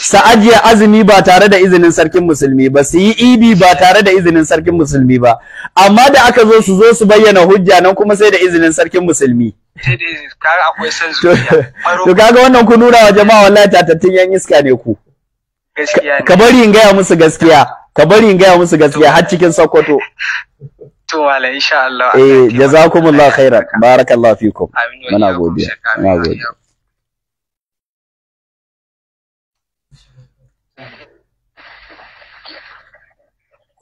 su ajiye azumi ba tare da izinin sarkin musulmi ba su yi idi ba tare da izinin sarkin musulmi ba amma da aka zo su zo su bayyana hujja nan kuma sai da izinin sarkin musulmi to kaga wannan ku nuna wa jama'a wallahi tatattun yan iska ne ku ka bari in gaya musu gaskiya ka bari in gaya musu gaskiya har cikin sokoto To wala insha Allah. Eh jazakumullahu khairan. Barakallahu fikum. Muna godiya. Muna godiya.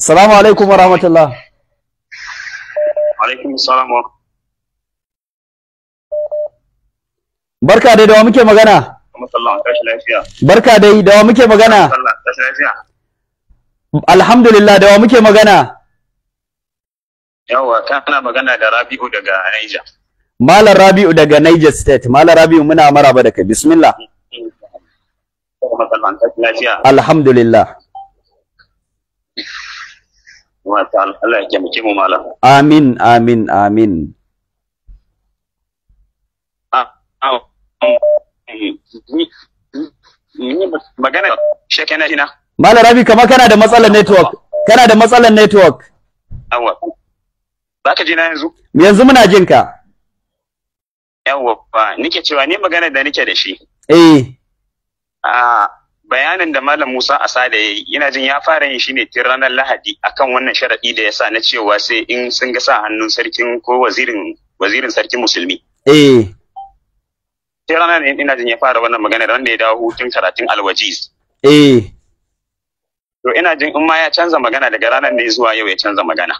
Salamu alaikum wa rahmatullah. Alaikum salam wa Barka dai da wa muke magana? Barka dai da wa muke magana? Alhamdulillah da wa muke magana? Yawwa kana magana da Rabi'u daga Niger Malam Rabi'u daga Niger State Malam Rabi'u muna maraba da kai bismillah Alhamdulillah Allah ya mu malam Amin amin amin magana shekena Malam Rabi kama kana da matsalar network kana da matsalar network Za ka ji na yanzu? Yanzu muna jin ka. Yawwa ba, nike cewa ni magana da nike da shi. Eh. A bayanin da Malam Musa Asada ya yi, ina jin ya fara yin shi ne tun ranar Lahadi akan wannan sharaɗi da ya sa na cewa sai in sun ga sa hannun sarkin ko wazirin wazirin sarkin musulmi. Eh. Tun ranar ne ina jin ya fara wannan magana wanda ya dawo hutun karatun alwajiz. Eh. To ina jin in ma ya canza magana daga ranar ne zuwa yau ya canza magana.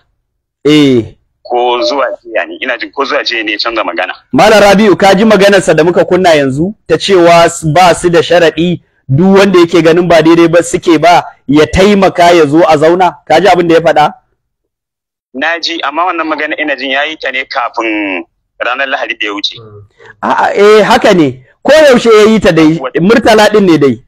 Eh. ko zuwa jiya ne ina jin ko zuwa jiya ne canza magana malam rabi'u ka ji maganarsa da muka kunna yanzu ta cewa ba su da sharaɗi duk wanda yake ganin ba daidai ba suke ba ya taimaka ya zo a zauna ka ji abin da ya faɗa na ji amma wannan magana ina jin yayi ta ne kafin ranar lahadi da ya wuce a'a eh haka ne ko yaushe ya yi ta dai murtala din ne dai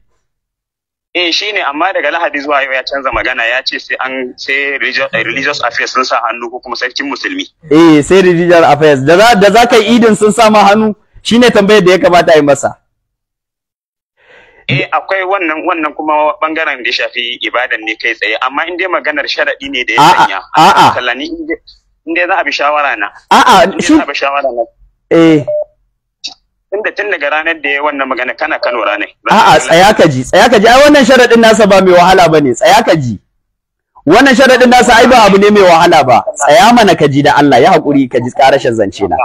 eh ne, amma daga lahadi zuwa yau ya canza magana ya ce sai an sai eh, religious affairs sun sa hannu ko kuma sarkin musulmi eh sai religious affairs da za da za ka idin sun sa ma hannu shine tambayar da ya kamata a yi masa eh akwai wannan wannan kuma bangaren da shafi ibadan ne kai tsaye amma in dai maganar sharadi ne da ya sanya a'a kallani in dai za a bi shawara na a'a shi za a bi shawara na eh tunda tun daga ranar da ya wannan magana kana Kano ranar a'a tsaya ka ji tsaya ka ji ai wannan sharaɗin nasa ba mai wahala ne, tsaya ka ji wannan sharaɗin nasa ai ba abu ne mai wahala ba tsaya mana ka ji da Allah ya hakuri ka ji karashin zance na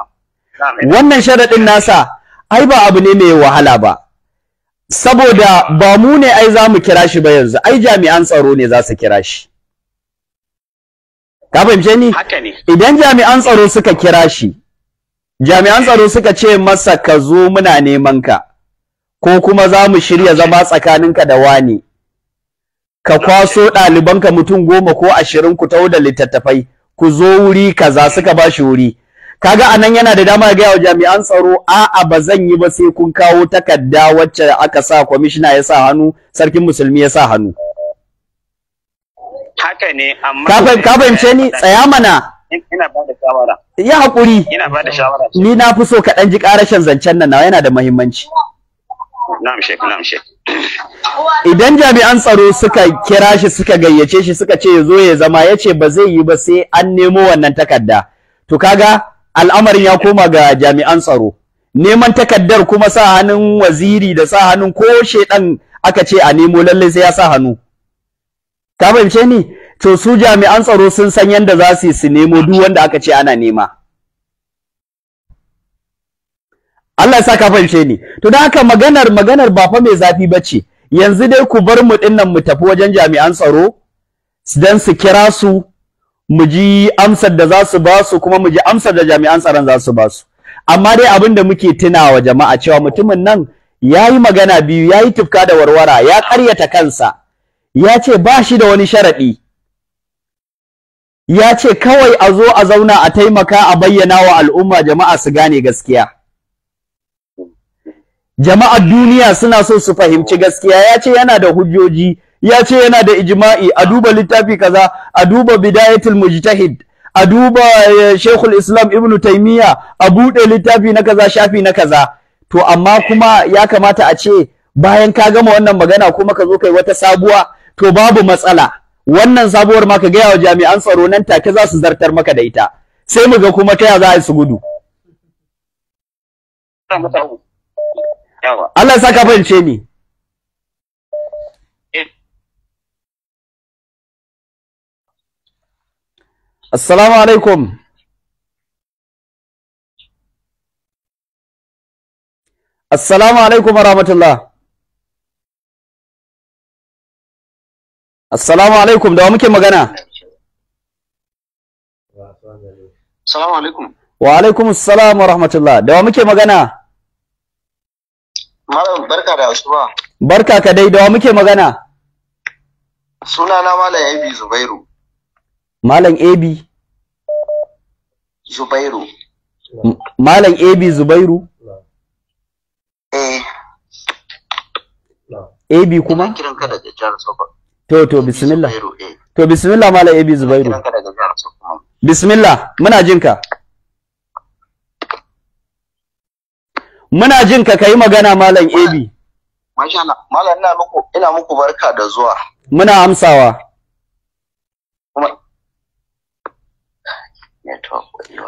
wannan sharaɗin nasa ai ba abu ne mai wahala ba saboda ba mu ne ai za mu kira shi ba yanzu ai jami'an tsaro ne za su kira shi ka fahimce ni idan jami'an tsaro suka kira shi jami'an tsaro suka ce masa ka zo muna neman ka ko kuma za mu shirya zama tsakaninka da wani ka kwaso ɗalibanka mutum goma ko ashirin ku tau da littattafai ku zo wuri kaza suka ba shi wuri kaga anan yana da dama ga wa jami'an tsaro a'a ba zan yi ba sai kun kawo takarda wacce aka sa kwamishina ya sa hannu sarkin musulmi ya sa hannu haka ne amma ka fahimce ni tsaya mana ina ya hakuri ni na fi so kaɗan ji karashin zancen nan yana da muhimmanci na'am shek na'am shek idan jami'an tsaro suka kira shi suka gayyace shi suka ce ya zo ya zama ya ce ba zai yi ba sai an nemo wannan takarda to kaga al'amarin ya koma ga jami'an tsaro neman takardar kuma sa hannun waziri da sa hannun ko shedan aka ce a nemo lallai sai ya sa hannu ka fahimce ni to su jami'an tsaro sun san yadda za su yi su nemo duk wanda aka ce ana nema Allah ya saka fahimce ni to da haka maganar maganar ba fa mai zafi ba ce. yanzu dai ku bar mu dinnan mu tafi wajen jami'an tsaro dan su kira su mu ji amsar da za su ba su kuma mu ji amsar da jami'an tsaron za su ba su amma dai abin da muke tunawa jama'a cewa mutumin nan ya yi magana biyu ya yi tufka da warwara ya karyata kansa ya ce ba shi da wani sharaɗi ya ce kawai a zo a zauna a taimaka a bayyana wa al'umma jama'a su gane gaskiya jama'a duniya suna so su fahimci gaskiya ya ce yana da hujjoji ya ce yana da ijma'i a duba littafi kaza a duba bidayatul mujtahid a duba eh, shekul islam ibn Taymiya, a buɗe littafi na kaza shafi na kaza to amma kuma ya kamata a ce bayan ka gama wannan magana kuma ka zo kai wata sabuwa to babu matsala wannan sabuwar ma ka gaya wa jami'an tsaro nan take za su zartar maka da ita sai mu ga kuma ta ya za a yi su gudu Allah saka fahimce ni Assalamu alaikum Assalamu alaikum wa rahmatullah Assalamu alaikum da wa muke magana. Assalamu alaikum. Wa alaikum assalam wa rahmatullah. Da wa muke magana? Malam barka da asuba. Barka ka dai da wa muke magana? Suna na Malam AB Zubairu. Malam AB. Zubairu. Malam AB Zubairu. Eh. AB kuma? Kiran ka da jihar Sokoto. to to bismillah eh. to bismillah malam abi zubairu bismillah muna jinka muna jinka kai magana malam abi masha Allah malam ina muku ina muku barka da zuwa muna amsawa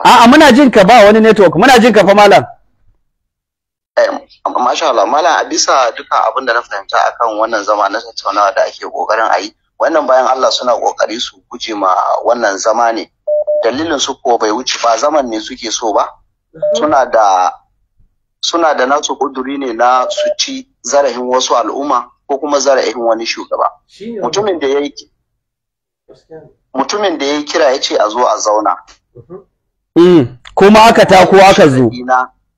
a'a muna jinka ba wani network muna jinka fa malam Eh, masha Allah, Mala, a bisa duka abin da na fahimta akan wannan zama na tattaunawa da ake ƙoƙarin a yi, wannan bayan Allah suna kokari su guje ma wannan zama ne. Dalilin su ko bai wuce ba zaman ne suke so ba. Suna da suna da nasu kuduri ne na su ci zarafin wasu al'umma ko kuma zarafin wani shugaba. Mutumin da ya yi kira ya ce a zo a zauna. Mm. Kuma aka ko aka zo.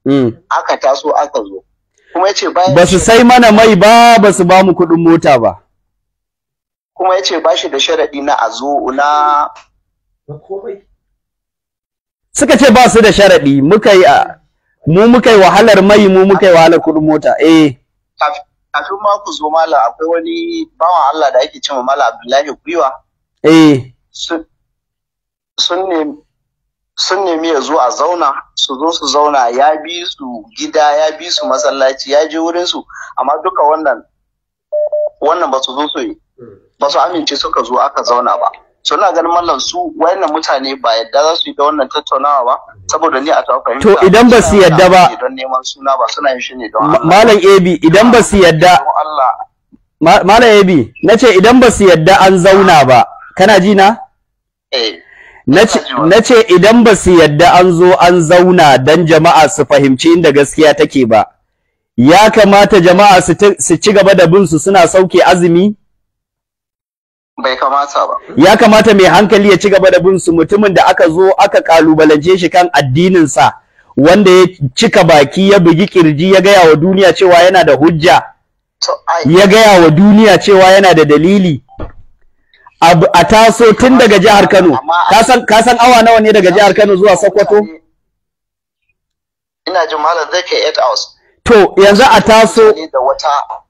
Mm. aka taso aka zo kuma yace bayan ba su sai mana mai ba ba su ba mu kuɗin mota ba kuma yace ba shi da sharadi na azu na suka ce ba su da sharadi muka yi mu muka yi wahalar mai mu muka yi wahalar kuɗin mota eh kafin ma ku zo mala akwai wani bawan Allah da ake cewa mala Abdullahi Gwiwa eh sun ne sun nemi ya zo a zauna su zo su zauna ya bi su gida ya bi su masallaci ya je wurin su amma duka wannan wannan ba su zo su yi ba su amince suka zo aka zauna ba suna ganin mallam su wayannan mutane ba yadda za su yi da wannan tattaunawa ba saboda ni a ta fahimta to idan ba su yadda ba don neman suna ba suna yin shi ne don mallam AB idan ba su yadda mallam AB nace idan ba su yadda an zauna ba kana ji na eh na ce idan ba su yadda an zo an zauna don jama'a su fahimci inda gaskiya take ba ya kamata jama'a su ci gaba da bin su suna sauke azumi bai kamata ba ya kamata mai hankali ya ci gaba da bin su mutumin da aka zo aka kalubalance shi kan addininsa wanda ya cika baki ya bugi kirji ya gaya wa duniya cewa yana da hujja ya gaya wa duniya cewa yana da dalili a taso tun daga jihar Kano ka san awa nawa ne daga jihar Kano zuwa Sokoto ina jin malam zai kai 8 hours to yanzu a taso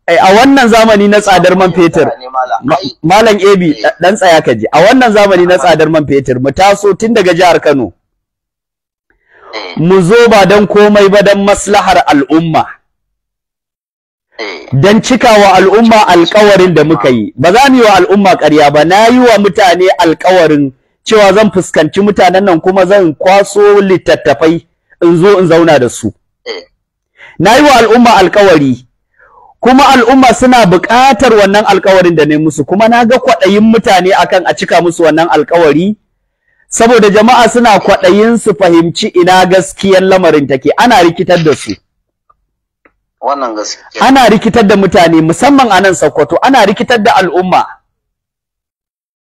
eh, a wannan zamani na tsadar man fetur malam AB eh. dan tsaya ka ji a wannan zamani na tsadar man fetur mu taso tun daga jihar Kano eh. mu zo ba dan komai ba dan maslahar al'umma don cikawa al'umma alkawarin da muka yi ba za mu yi wa al'umma ƙarya ba na yi wa mutane alkawarin cewa zan fuskanci mutanen nan kuma zan kwaso littattafai in zo in zauna da su na yi wa al'umma alkawari kuma al'umma suna buƙatar wannan alkawarin da na musu kuma na ga kwaɗayin mutane akan a cika musu wannan alkawari saboda jama'a suna kwaɗayin su fahimci ina gaskiyar lamarin take ana rikitar da su wannan gaskiya ana rikitar da mutane musamman a Sokoto ana rikitar da al'umma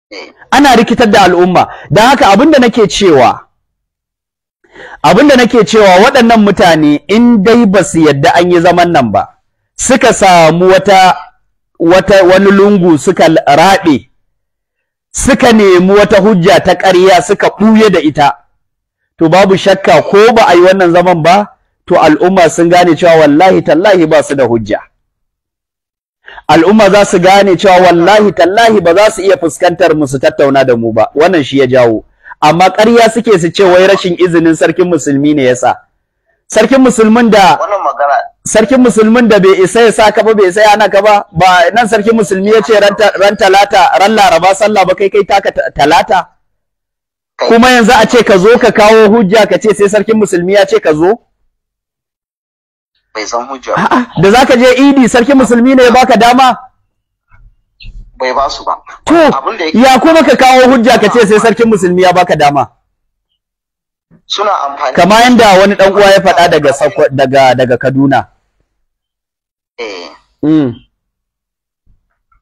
eh. ana rikitar da al'umma don haka abinda nake cewa abinda nake cewa waɗannan mutane in dai ba su yadda an yi zaman nan ba suka samu wata wata wani lungu suka raɓe suka nemi wata hujja ta ƙarya suka ɓuye da ita to babu shakka ko ba a yi wannan zaman ba to al'umma sun gane cewa wallahi tallahi ba su da hujja al'umma za su gane cewa wallahi tallahi ba za su iya fuskantar mu su tattauna da mu ba wannan shi ya jawo amma ƙarya suke su ce wai rashin izinin sarkin musulmi ne yasa sarkin musulmin da sarkin musulmin da bai isa ya sa ka ba bai isa ya naka ba ba nan sarkin musulmi ya ce ran talata ran laraba sallah ba kai kai taka talata kuma yanzu a ce ka zo ka kawo hujja ka ce sai sarkin musulmi ya ce ka zo bai san hujja ba da zaka je idi sarki musulmi ne ya baka dama bai ba su ba to ya kuma ka kawo hujja ka ce sai sarkin musulmi ya baka dama suna amfani kamar yanda wani dan uwa ya faɗa daga daga daga Kaduna eh mm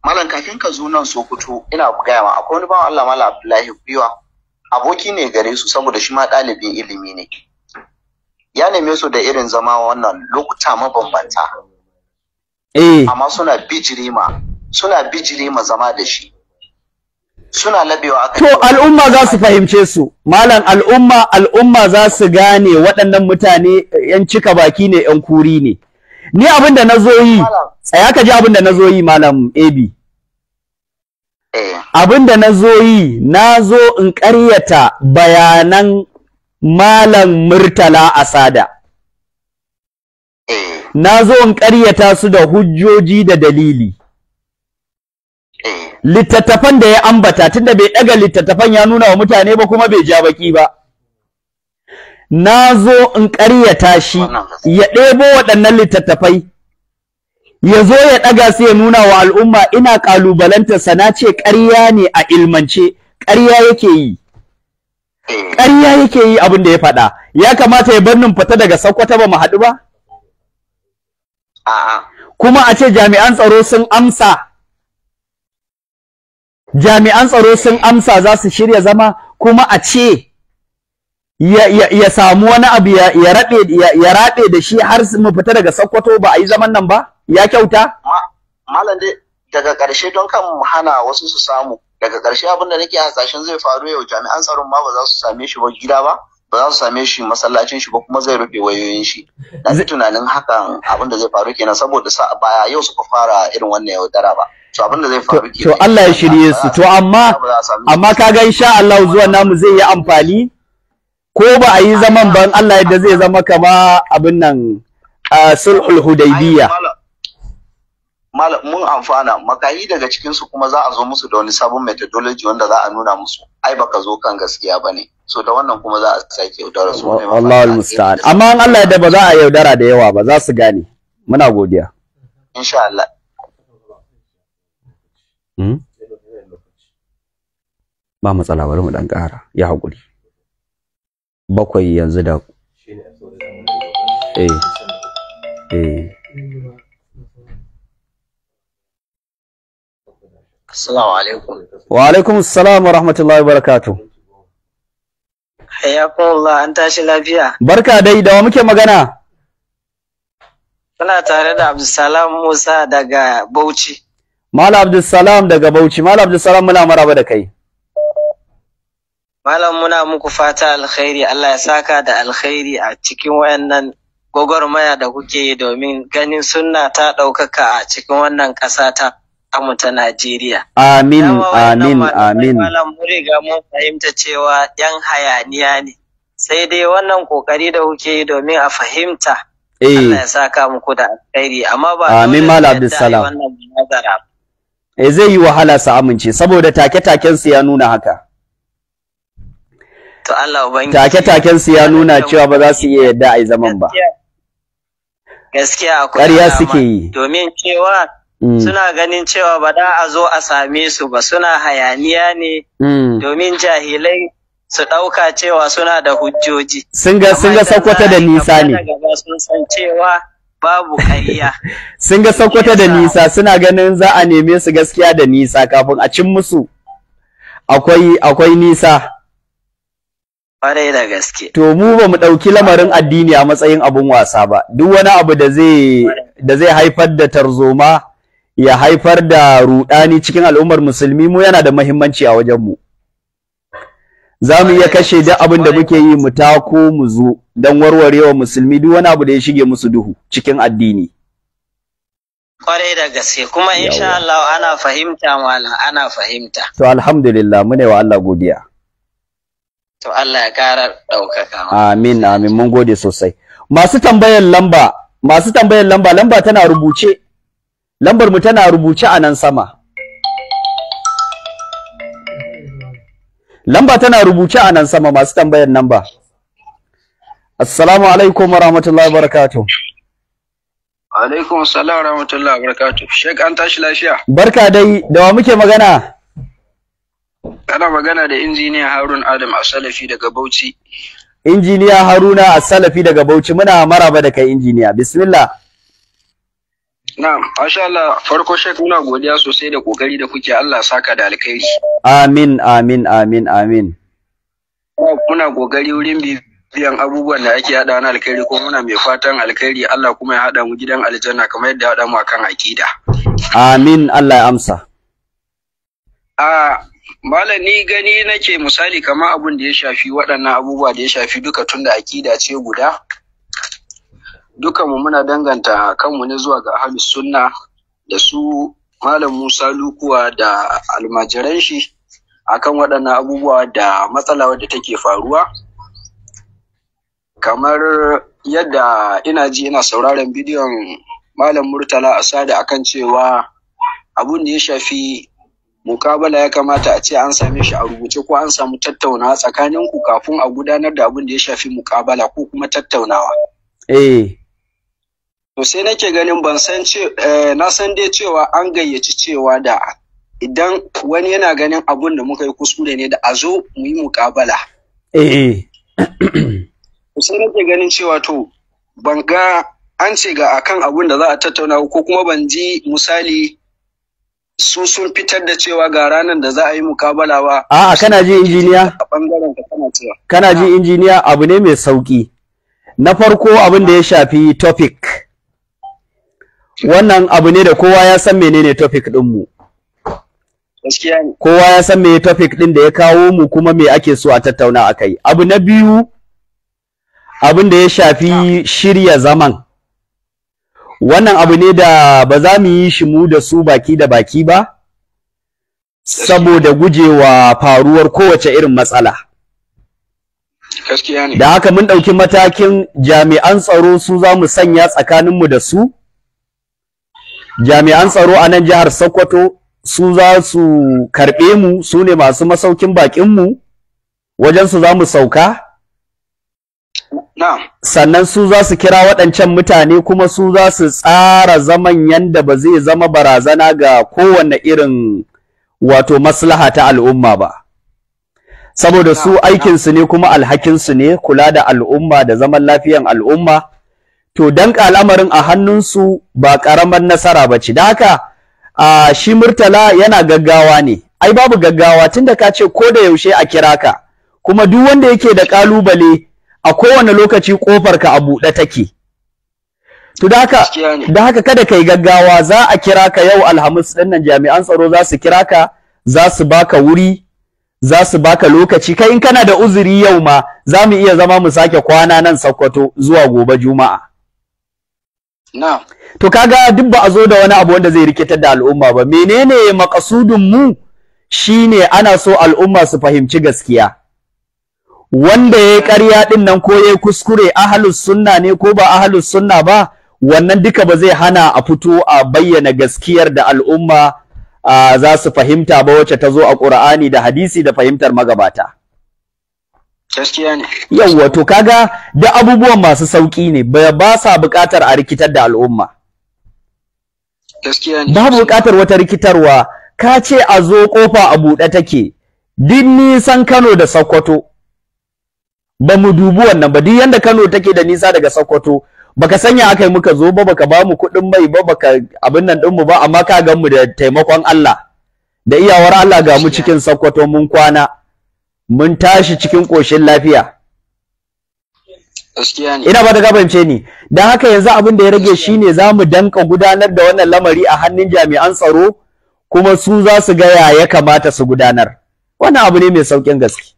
malam kafin ka zo nan Sokoto ina gaya ma akwai wani bawan Allah malam Abdullahi Biwa aboki ne gare su saboda shi ma ɗalibin ilimi ne ya neme su da irin zama wannan lokuta mabambanta eh. amma suna bijirima suna ma zama da shi suna labewa aka to al'umma za su fahimce su malam al'umma al'umma za su gane waɗannan mutane yan cika baki ne yan kuri ne ni abin da nazo yi tsaya ka ji abin da nazo yi malam AB eh. abin da nazo yi nazo in ƙaryata bayanan malam murtala asada eh. na zo in ƙaryata su da hujjoji da dalili eh. littattafan da ya ambata tunda bai ɗaga littattafan ya nuna wa mutane ba kuma bai ja baki ba na zo in ƙaryata shi ya ɗebo waɗannan littattafai ya zo ya ɗaga su ya nuna wa al'umma ina ƙalubalanta, sana ce ƙarya ne a ilmance ƙarya yake yi ƙarya yake yi abin da ya faɗa ya kamata ya barnin fita daga sakwata ba mu haɗu ba kuma a ce jami'an tsaro sun amsa jami'an tsaro sun amsa za su shirya zama kuma a ce ya, samu wani abu ya, raɗe da shi har mu fita daga sakkwato ba a yi zaman nan ba ya kyauta malam daga ƙarshe don kan hana wasu su samu daga ƙarshe abin da nake hasashen zai faru yau jami'an tsaron ma ba za su same shi ba gida ba ba za su same shi masallacin shi ba kuma zai rufe wayoyin shi na ji tunanin hakan abin da zai faru kenan saboda sa baya yau suka fara irin wannan yaudara ba to abin da zai faru kenan to Allah ya shirye su to amma amma ka ga insha Allah zuwa namu zai yi amfani ko ba a yi zaman ban Allah yadda zai zama kama abin nan sulhul hudaybiyah mun amfana makayi daga cikinsu kuma za a zo musu da wani sabon methodology wanda za a nuna musu ai baka zo kan gaskiya ba ne so da wannan kuma za a sake yaudara su ne Allah musta'an amma an Allah da ba za a yaudara da yawa ba za su gane muna godiya insha Allah hmm? ba matsala bari mu dan ƙara ya haƙuri bakwai yanzu da eh eh Assalamu alaikum. Wa alaikum assalam wa rahmatullahi wa barakatuh. Hayakullah an tashi lafiya. Barka dai da wa muke magana? Muna tare da Abdulsalam Musa daga Bauchi. Malam Abdulsalam daga Bauchi. Malam Abdulsalam muna maraba da kai. Malam muna muku fata alkhairi Allah ya saka da alkhairi a cikin wayannan gwagwarmaya da kuke yi domin ganin sunna ta ɗaukaka a cikin wannan ƙasa ta. mu ta Najeriya. Amin, amin, amin. Malam mun riga mun fahimta cewa ‘yan hayaniya ne, sai dai wannan kokari da kuke yi domin a fahimta. Eh. Allah ya ka muku da alkhairi, amma ba Amin Malam Abdulsalam. E zai yi wahala su amince, saboda take-taken su ya nuna haka. To Allah Ubangiji. Take-taken su ya nuna cewa ba za su iya yadda a yi zaman ba. Gaskiya akwai. Ƙarya suke yi. Domin cewa Mm. suna ganin cewa ba da a zo a same su ba suna hayaniya ne mm. domin jahilai su ɗauka cewa suna da hujjoji. Sun ga sun sakwata da nisa ne. sun ga sakwata da nisa suna ganin za a neme su gaskiya da nisa kafin a cin musu. Akwai nisa. da gaske. To mu ba mu ɗauki lamarin addini a matsayin abun wasa ba. Duk wani abu da zai haifar da tarzoma ya haifar da rudani cikin al'ummar musulmi mu yana da muhimmanci a wajen mu za mu iya kashe duk abin da muke yi mu tako mu zo don warwarewa musulmi duk wani abu da ya shige musu duhu cikin addini kwarai da gaske kuma insha Allah ana fahimta malam ana fahimta to alhamdulillah mune wa Allah godiya to Allah ya kara daukaka amin amin mun gode sosai masu tambayar lamba masu tambayar lamba lamba tana rubuce lambar mu tana rubuce a nan sama lamba tana rubuce a nan sama masu tambayar namba assalamu alaikum warahmatullahi wabarakatuh alaikum salam warahmatullahi wabarakatuh shek an tashi lafiya barka dai da wa muke magana kana magana da injiniya harun adam a salafi daga bauchi injiniya haruna a salafi daga bauchi muna maraba da kai injiniya bismillah Na'am, masha Allah, farko shek muna godiya sosai da kokari da kuke Allah saka da alkhairi. Amin, amin, amin, amin. Muna kokari wurin biyan abubuwan da ake haɗa na alkhairi ko muna mai fatan alkhairi Allah kuma ya haɗa mu gidan aljanna kamar yadda ya haɗa mu akan akida Amin, Allah ya amsa. A Malam ni gani nake misali kamar abun da ya shafi waɗannan abubuwa da ya shafi duka tun da akida ce guda. mu muna danganta kanmu ne zuwa ga ahlus sunna da su malam musa lukuwa da almajiran shi akan waɗannan abubuwa da matsala wadda take faruwa kamar yadda ina ji ina sauraron bidiyon malam murtala asada akan cewa abun da ya shafi mukabala ya kamata a ce an same shi a rubuce ko an samu tattaunawa tsakanin ku kafin a gudanar da abun da ya shafi mukabala ko kuma tattaunawa eh to sai nake ganin ban san ce eh, na san dai cewa an gayyaci cewa da idan wani yana ganin abun da muka yi kuskure ne da a zo mu yi muƙabala eh, eh. sai nake ganin cewa to ban ga an ce ga akan abun da za a tattauna ko kuma ban ji misali su sun fitar da cewa ga ranar da za a yi mukabala ba. A'a kana ji injiniya? A bangaren ka kana cewa. Kana ji injiniya abu ne mai sauki. Na farko abin da ya shafi topic. wannan abu ne da kowa ya san menene topic din mu kowa ya san me topic ɗin da ya kawo mu kuma me ake so a tattauna kai, abu na biyu abin da ya shafi shirya zaman wannan abu ne da ba za mu yi shi mu da su baki da baki ba saboda gujewa faruwar kowace irin matsala da haka mun ɗauki matakin jami'an tsaro su za mu sanya tsakaninmu da su jami'an tsaro a nan jihar Sokoto su za su karɓe mu su ne masu masaukin baƙinmu wajen su za mu sauka sannan su za su kira waɗancan mutane kuma su za su tsara zaman yadda ba zai zama barazana ga kowane irin wato maslaha ta al'umma ba saboda su aikinsu ne kuma alhakinsu ne kula da al'umma da zaman lafiyan al'umma to dan al'amarin a hannunsu ba ƙaramar nasara ba ce da haka a shi murtala yana gaggawa ne ai babu gaggawa tunda ka ce ko da yaushe a kira ka kuma duk wanda yake da ƙalubale a kowane lokaci ƙofar ka a buɗe take to da haka da haka kada kai gaggawa za a kira ka yau alhamis din nan jami'an tsaro za su kira ka za su baka wuri za su baka lokaci kai in kana da uzuri yau ma za mu iya zama mu sake kwana nan sakwato zuwa gobe Juma'a To kaga duk ba a zo da wani abu wanda zai rikitar da al'umma ba. Menene makasudin mu shine ana so al'umma su fahimci gaskiya. Wanda ya ƙarya din nan ko ya kuskure ahlus sunna ne ko ba ahlus sunna ba wannan duka ba zai hana a fito a bayyana gaskiyar da al'umma za su fahimta ba wacce ta zo a ƙur'ani da hadisi da fahimtar magabata. Yau, wato to kaga da abubuwan masu sauki ne ba sa buƙatar a rikitar da al'umma gaskiya ne babu buƙatar wata rikitarwa ka ce a zo kofa a buɗe take duk nisan Kano da Sokoto ba mu dubi wannan ba duk yanda Kano take da nisa daga Sokoto baka sanya aka yi muka zo ba baka ba mu kuɗin mai ba baka abin nan ɗinmu ba amma ka gan mu da taimakon Allah da iyawar Allah ga mu cikin Sokoto mun kwana mun tashi cikin ƙoshin lafiya ina ba da gabance ni don haka yanzu abin da ya rage shine za mu danka gudanar da wannan lamari a hannun jami'an tsaro kuma su za su ga ya kamata su gudanar wannan abu ne mai saukin gaske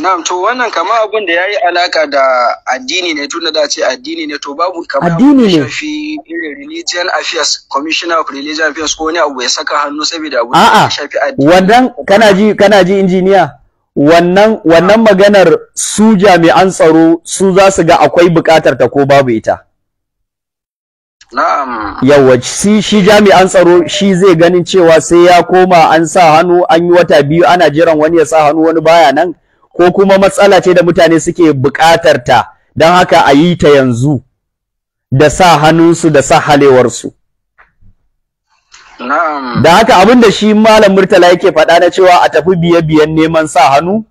Na'am to wannan kama abun da yayi alaka da addini ne tunda da ce addini ne to babu kama addini ne shafi irin religion affairs commissioner of religion affairs ko ne abu ya saka hannu saboda abu ya shafi addini wannan kana ji kana ji injiniya wannan wannan maganar su jami'an tsaro su za su ga akwai bukatar ta ko babu ita Na'am. yawa shi shi jami'an tsaro shi zai ganin cewa sai ya koma an sa hannu an yi wata biyu ana jiran wani ya sa hannu wani baya nan ko kuma matsala ce da mutane suke buƙatar ta don haka a yi ta yanzu da sa hannunsu da sa halewarsu da haka abin da shi malam murtala yake faɗa na cewa a tafi biye biyen neman sa hannu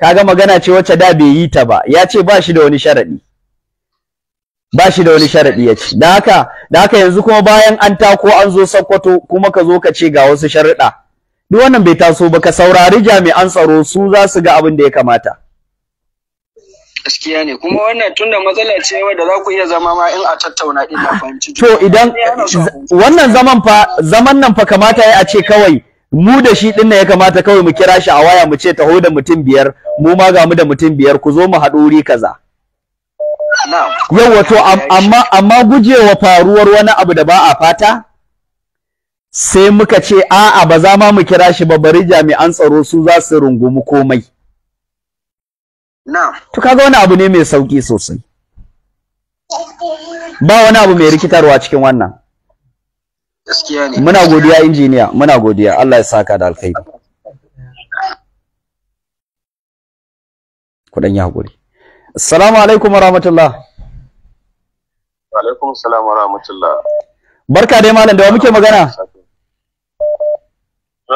ga magana ce wacce da bai yi ta ba ya ce ba shi da wani sharaɗi ba shi da wani sharaɗi ya ce da haka yanzu kuma bayan an tako an zo sakkwato kuma ka zo ka ce ga wasu sharaɗa duk wannan bai taso ba ka saurari jami'an tsaro su za su ga abin da ya kamata gaskiya ne kuma wannan tunda matsala ce wadda za ku iya zama ma in a tattauna ina fahimci to idan wannan zaman fa zaman nan fa kamata ya a ce kawai mu da shi din ya kamata kawai mu kira shi a waya mu ce taho da mutum biyar mu ma ga mu da mutum biyar ku zo mu haɗu wuri kaza yawa wato amma amma gujewa faruwar wani abu da ba a fata sai muka ce a'a ba za ma mu kira shi ba bari jami'an tsaro su za su rungumi komai na'am to kaga wani abu ne mai sauki sosai ba wani abu mai rikitarwa cikin wannan gaskiya ne muna godiya injiniya muna godiya Allah ya saka da alkhairi kudan ya hakuri assalamu alaikum warahmatullah alaikum assalam warahmatullah barka dai malam da wa muke magana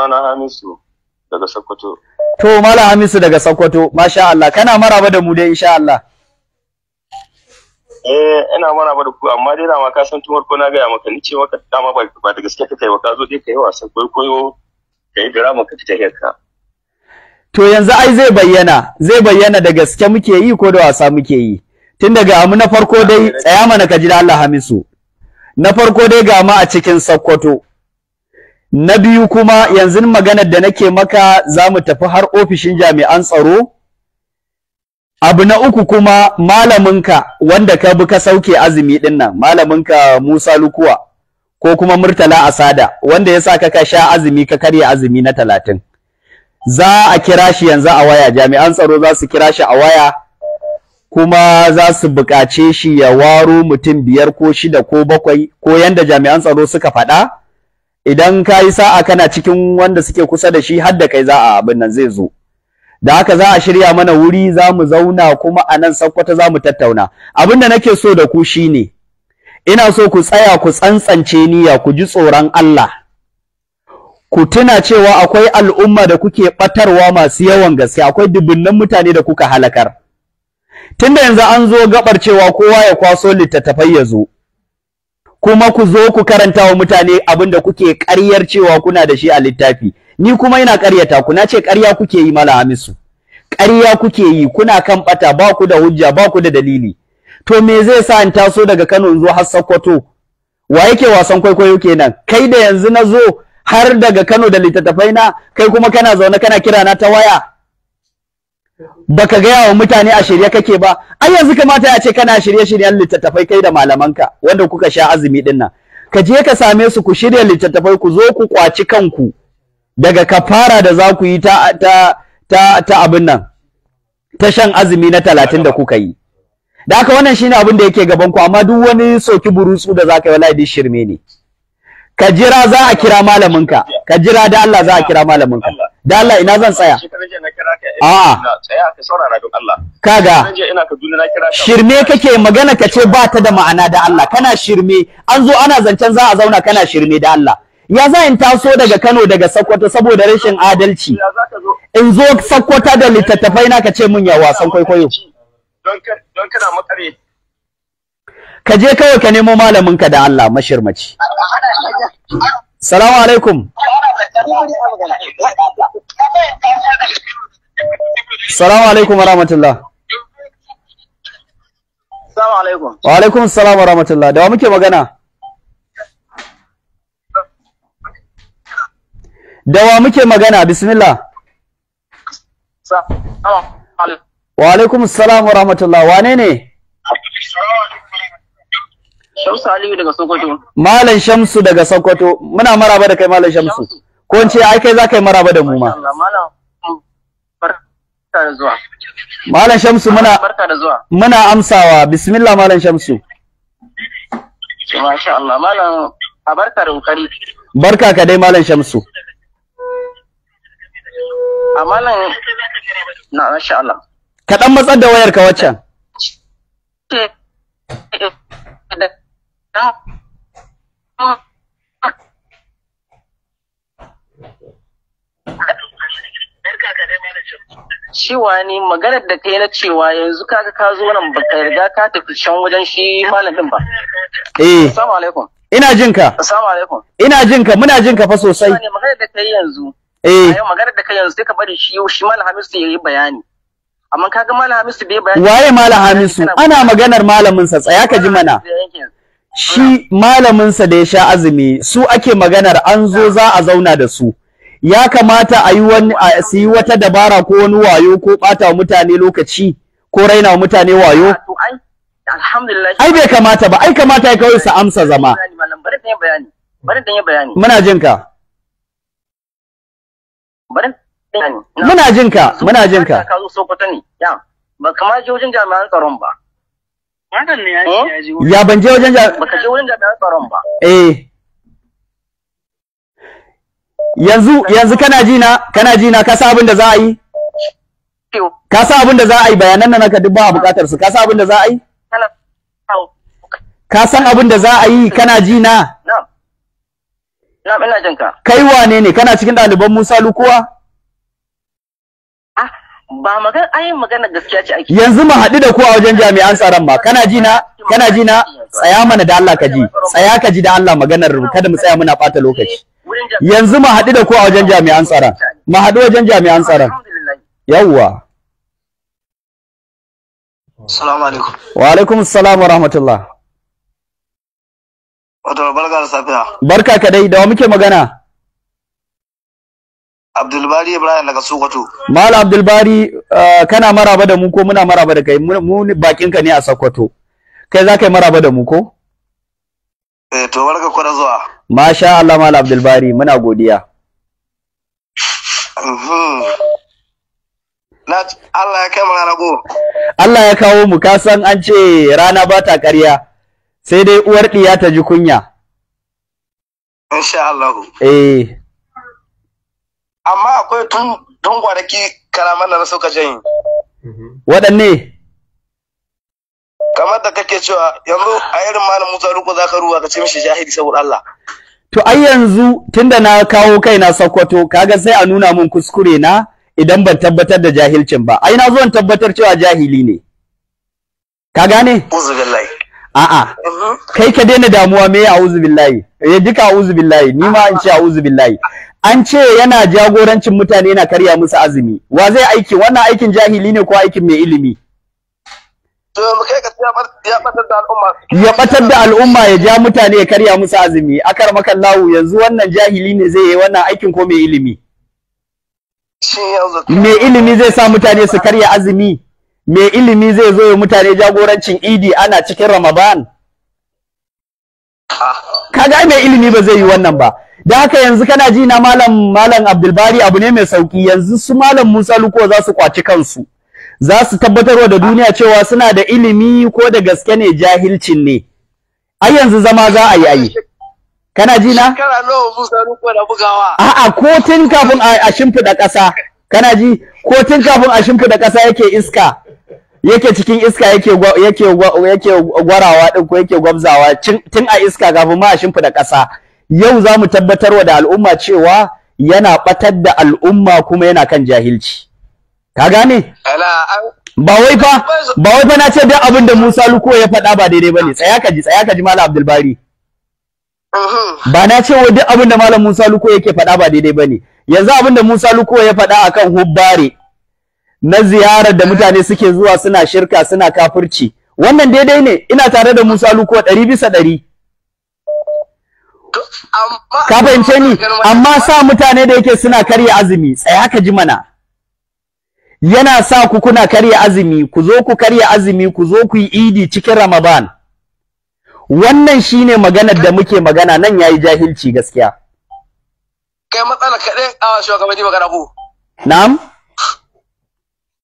Sunana Hamisu daga Sokoto. To Mala Hamisu daga Sokoto, masha Allah, kana maraba da mu dai insha Allah. Eh, ina maraba da ku amma dai na ka san tun ko na gaya maka ni cewa ka dama ba ba da gaske kai ba ka zo dai kai wasan kwaikwayo kai drama ka fita hiyarka. To yanzu ai zai bayyana, zai bayyana da gaske muke yi ko da wasa muke yi. Tun daga amu na farko dai tsaya mana ka ji da Allah Hamisu. Na farko dai ga mu a cikin Sokoto. na biyu kuma yanzu maganar da nake maka za mu tafi har ofishin jami'an tsaro abu na uku kuma malaminka wanda ka bi ka sauke azumi din nan malaminka Musa Lukuwa ko kuma Murtala Asada wanda ya sa ka ka sha azumi ka karya azumi na talatin za a kira shi yanzu a waya jami'an tsaro za su kira shi a waya kuma za su buƙace shi ya waro mutum biyar ko shida ko bakwai ko yanda jami'an tsaro suka faɗa idan ka yi sa'a kana cikin wanda suke kusa da shi har da kai za a abin nan zai zo da haka za a shirya mana wuri za mu zauna kuma a nan sakwata za mu tattauna abin da nake so da ku shine ina so ku tsaya ku tsantsance niyya ku ji tsoron Allah ku tuna cewa akwai al'umma da kuke ɓatarwa masu yawan gaske akwai dubunnan mutane da kuka halakar tunda yanzu an zo gabar cewa kowa ya kwaso littattafai ya zo kuma ku zo ku karanta wa mutane abin da kuke ƙaryar cewa kuna da shi a littafi ni kuma ina ƙaryata ku nace ce ƙarya kuke yi mala hamisu ƙarya kuke yi kuna kan ɓata ba ku da hujja ba ku da dalili to me zai sa in taso daga Kano in zo har Sokoto wa yake wasan kwaikwayo kenan kai da yanzu na zo har daga Kano da littattafai na kai kuma kana zaune kana kira na ta waya baka gaya wa mutane a shirye kake ba ai yanzu kamata ya ce kana shirye shiryen littattafai kai da malamanka wanda kuka sha azumi din nan ka je ka same su ku shirya littattafai ku zo ku kwaci kanku daga kafara da za ku yi ta ta ta, ta abin nan ta shan azumi na talatin da kuka yi da haka wannan shine abin da yake gaban ku amma duk wani soki burutsu da zaka yi wallahi duk shirme ne ka jira za a kira malaminka ka jira da Allah za a kira malaminka da Allah ina zan tsaya eh, a'a kaga shirme kake magana ka ce ba ta da ma'ana da Allah kana shirme an zo ana zancen za a zauna kana shirme da Allah ya za in taso daga Kano daga Sokoto saboda rashin adalci in zo Sokoto da littattafai na kace ce mun ya wasan kwaikwayo don kana makare ka je kawai ka nemo malamin ka da Allah mashirmaci salamu alaikum Salamu alaikum warahmatullah. Salamu alaikum. Wa alaikum wa warahmatullah. Da wa muke magana? Da wa muke magana? Bismillah. Wa alaikum salam warahmatullah. Wane ne? Shamsu Aliyu daga Sokoto. Malam Shamsu daga Sokoto. Muna maraba da kai Malam Shamsu. ko in ce ai kai za yi maraba da mu ma Malam Shamsu muna barka da zuwa muna amsawa bismillah Malam Shamsu Masha Allah Malam a barka da kokari Barka ka dai Malam Shamsu A Malam na Masha Allah Ka dan matsar da wayar ka waccan Oh cewa ne maganar da kai na cewa yanzu kaga ka zo nan baka riga ka tafi can wajen shi malamin ba eh assalamu alaikum ina jin ka assalamu alaikum ina jin ka muna jin ka fa sosai ne maganar da kai yanzu eh maganar da kai yanzu sai ka bari shi shi malam Hamisu yayi bayani amma kaga malam Hamisu bai bayani waye malam Hamisu ana maganar malamin sa tsaya ka ji mana shi malamin sa da ya sha azumi su ake maganar an zo za a zauna da su ya kamata a yi wani a su yi wata dabara ko wani wayo ko ɓata mutane lokaci ko raina wa mutane wayo ai bai kamata ba ai kamata ya kawai su amsa zama muna jin ka muna jin ka muna jin ka ya ba je wajen jami'an tsaron ba eh? ya ban je wajen jami'an tsaron ba eh yanzu yanzu kana ji na kana ji na ka sa abin da za a yi ka sa abin da za a yi bayanan nan ka duk ba buƙatar su ka sa abin da za a yi ka san abin da za a yi kana ji na na'am ina jin ka kai wane ne kana cikin ɗaliban Musa Lukuwa ah, ba magana ai magana gaskiya ce ake yanzu mu haɗu da ku a wajen jami'an tsaron ma kana ji na kana ji na tsaya mana da Allah ka ji tsaya ka ji da Allah maganar kada mu tsaya muna ɓata lokaci yanzu mu haɗu da ku a wajen jami'an tsaron mu haɗu wajen jami'an tsaron yawwa assalamu alaikum wa alaikum salamu wa rahmatullah wato barka da safiya barka ka dai da wa muke magana Abdulbari Ibrahim daga Sokoto. Malam Abdulbari uh, kana maraba da mu ko muna maraba da kai mu bakin ka ne a Sokoto. Kai za ka yi maraba da mu ko? Eh to barka ku da zuwa. Masha Allah Malam Abdulbari muna godiya. Mhm. Allah ya kama rago. Allah ya kawo mu ka san an ce rana ba ta ƙarya sai dai uwar ɗiya ta ji kunya. Insha Allah. Eh. Amma akwai tun da kwanaki kalaman da suka janyi. Mhm. Waɗanne? kamar da kake cewa yanzu a irin malam Musa Ruko zaka ruwa ka ce mishi jahili saboda Allah to ai yanzu tunda na kawo kaina Sokoto kaga sai a nuna mun kuskure na idan ban tabbatar da jahilcin ba ai na zo in tabbatar cewa jahili ne ka gane uzubillahi a'a mhm. kai ka daina damuwa me ya billahi. eh duka billahi. ni ma in ce billahi. an ce yana jagorancin mutane yana karya musu azumi wa zai aiki wannan aikin jahili ne ko aikin mai ilimi ya batar da al'umma ya ja mutane ya karya musu azumi akar makan lawu yanzu wannan jahili ne zai yi wannan aikin ko mai ilimi mai ilimi zai sa mutane su karya azumi mai ilimi zai zo ya mutane jagorancin idi ana cikin ramadan ah. kaga mai ilimi ba zai yi wannan ba da haka yanzu kana ji na malam malam abdulbari abu ne mai sauki yanzu su malam musa luko za su kwaci kansu za su tabbatarwa da duniya cewa suna da ilimi ko da gaske ne jahilcin ne ai yanzu zama za a yi ayi kana ji na a'a ko tun kafin a shimfiɗa ƙasa kana ji ko tun kafin a shimfiɗa ƙasa yake iska yake cikin iska yake yake yake gwarawa din ko yake gwabzawa tun a iska kafin ma a shimfiɗa ƙasa yau za mu tabbatarwa da al'umma cewa yana ɓatar da al'umma kuma yana kan jahilci ka gane ba wai fa ba wai fa na ce duk abin da Musa Luko ya faɗa ba daidai bane tsaya ka ji tsaya ka ji Malam Abdul Bari mhm. ba na ce wai duk abin da Malam Musa Luko yake faɗa ba daidai bane yanzu abin da Musa Luko ya faɗa akan hubbare na ziyarar da mutane suke zuwa suna shirka suna kafirci wannan daidai ne ina tare da Musa Luko ɗari bisa ɗari ka fahimce ni amma sa mutane da yake suna karya azumi tsaya ka ji mana yana sa ku kuna karya azumi ku zo ku karya azumi ku zo ku yi idi cikin Ramadan wannan shine maganar da muke magana nan yayi jahilci gaskiya kai matsala kaɗai awa shugabanni magana ko na'am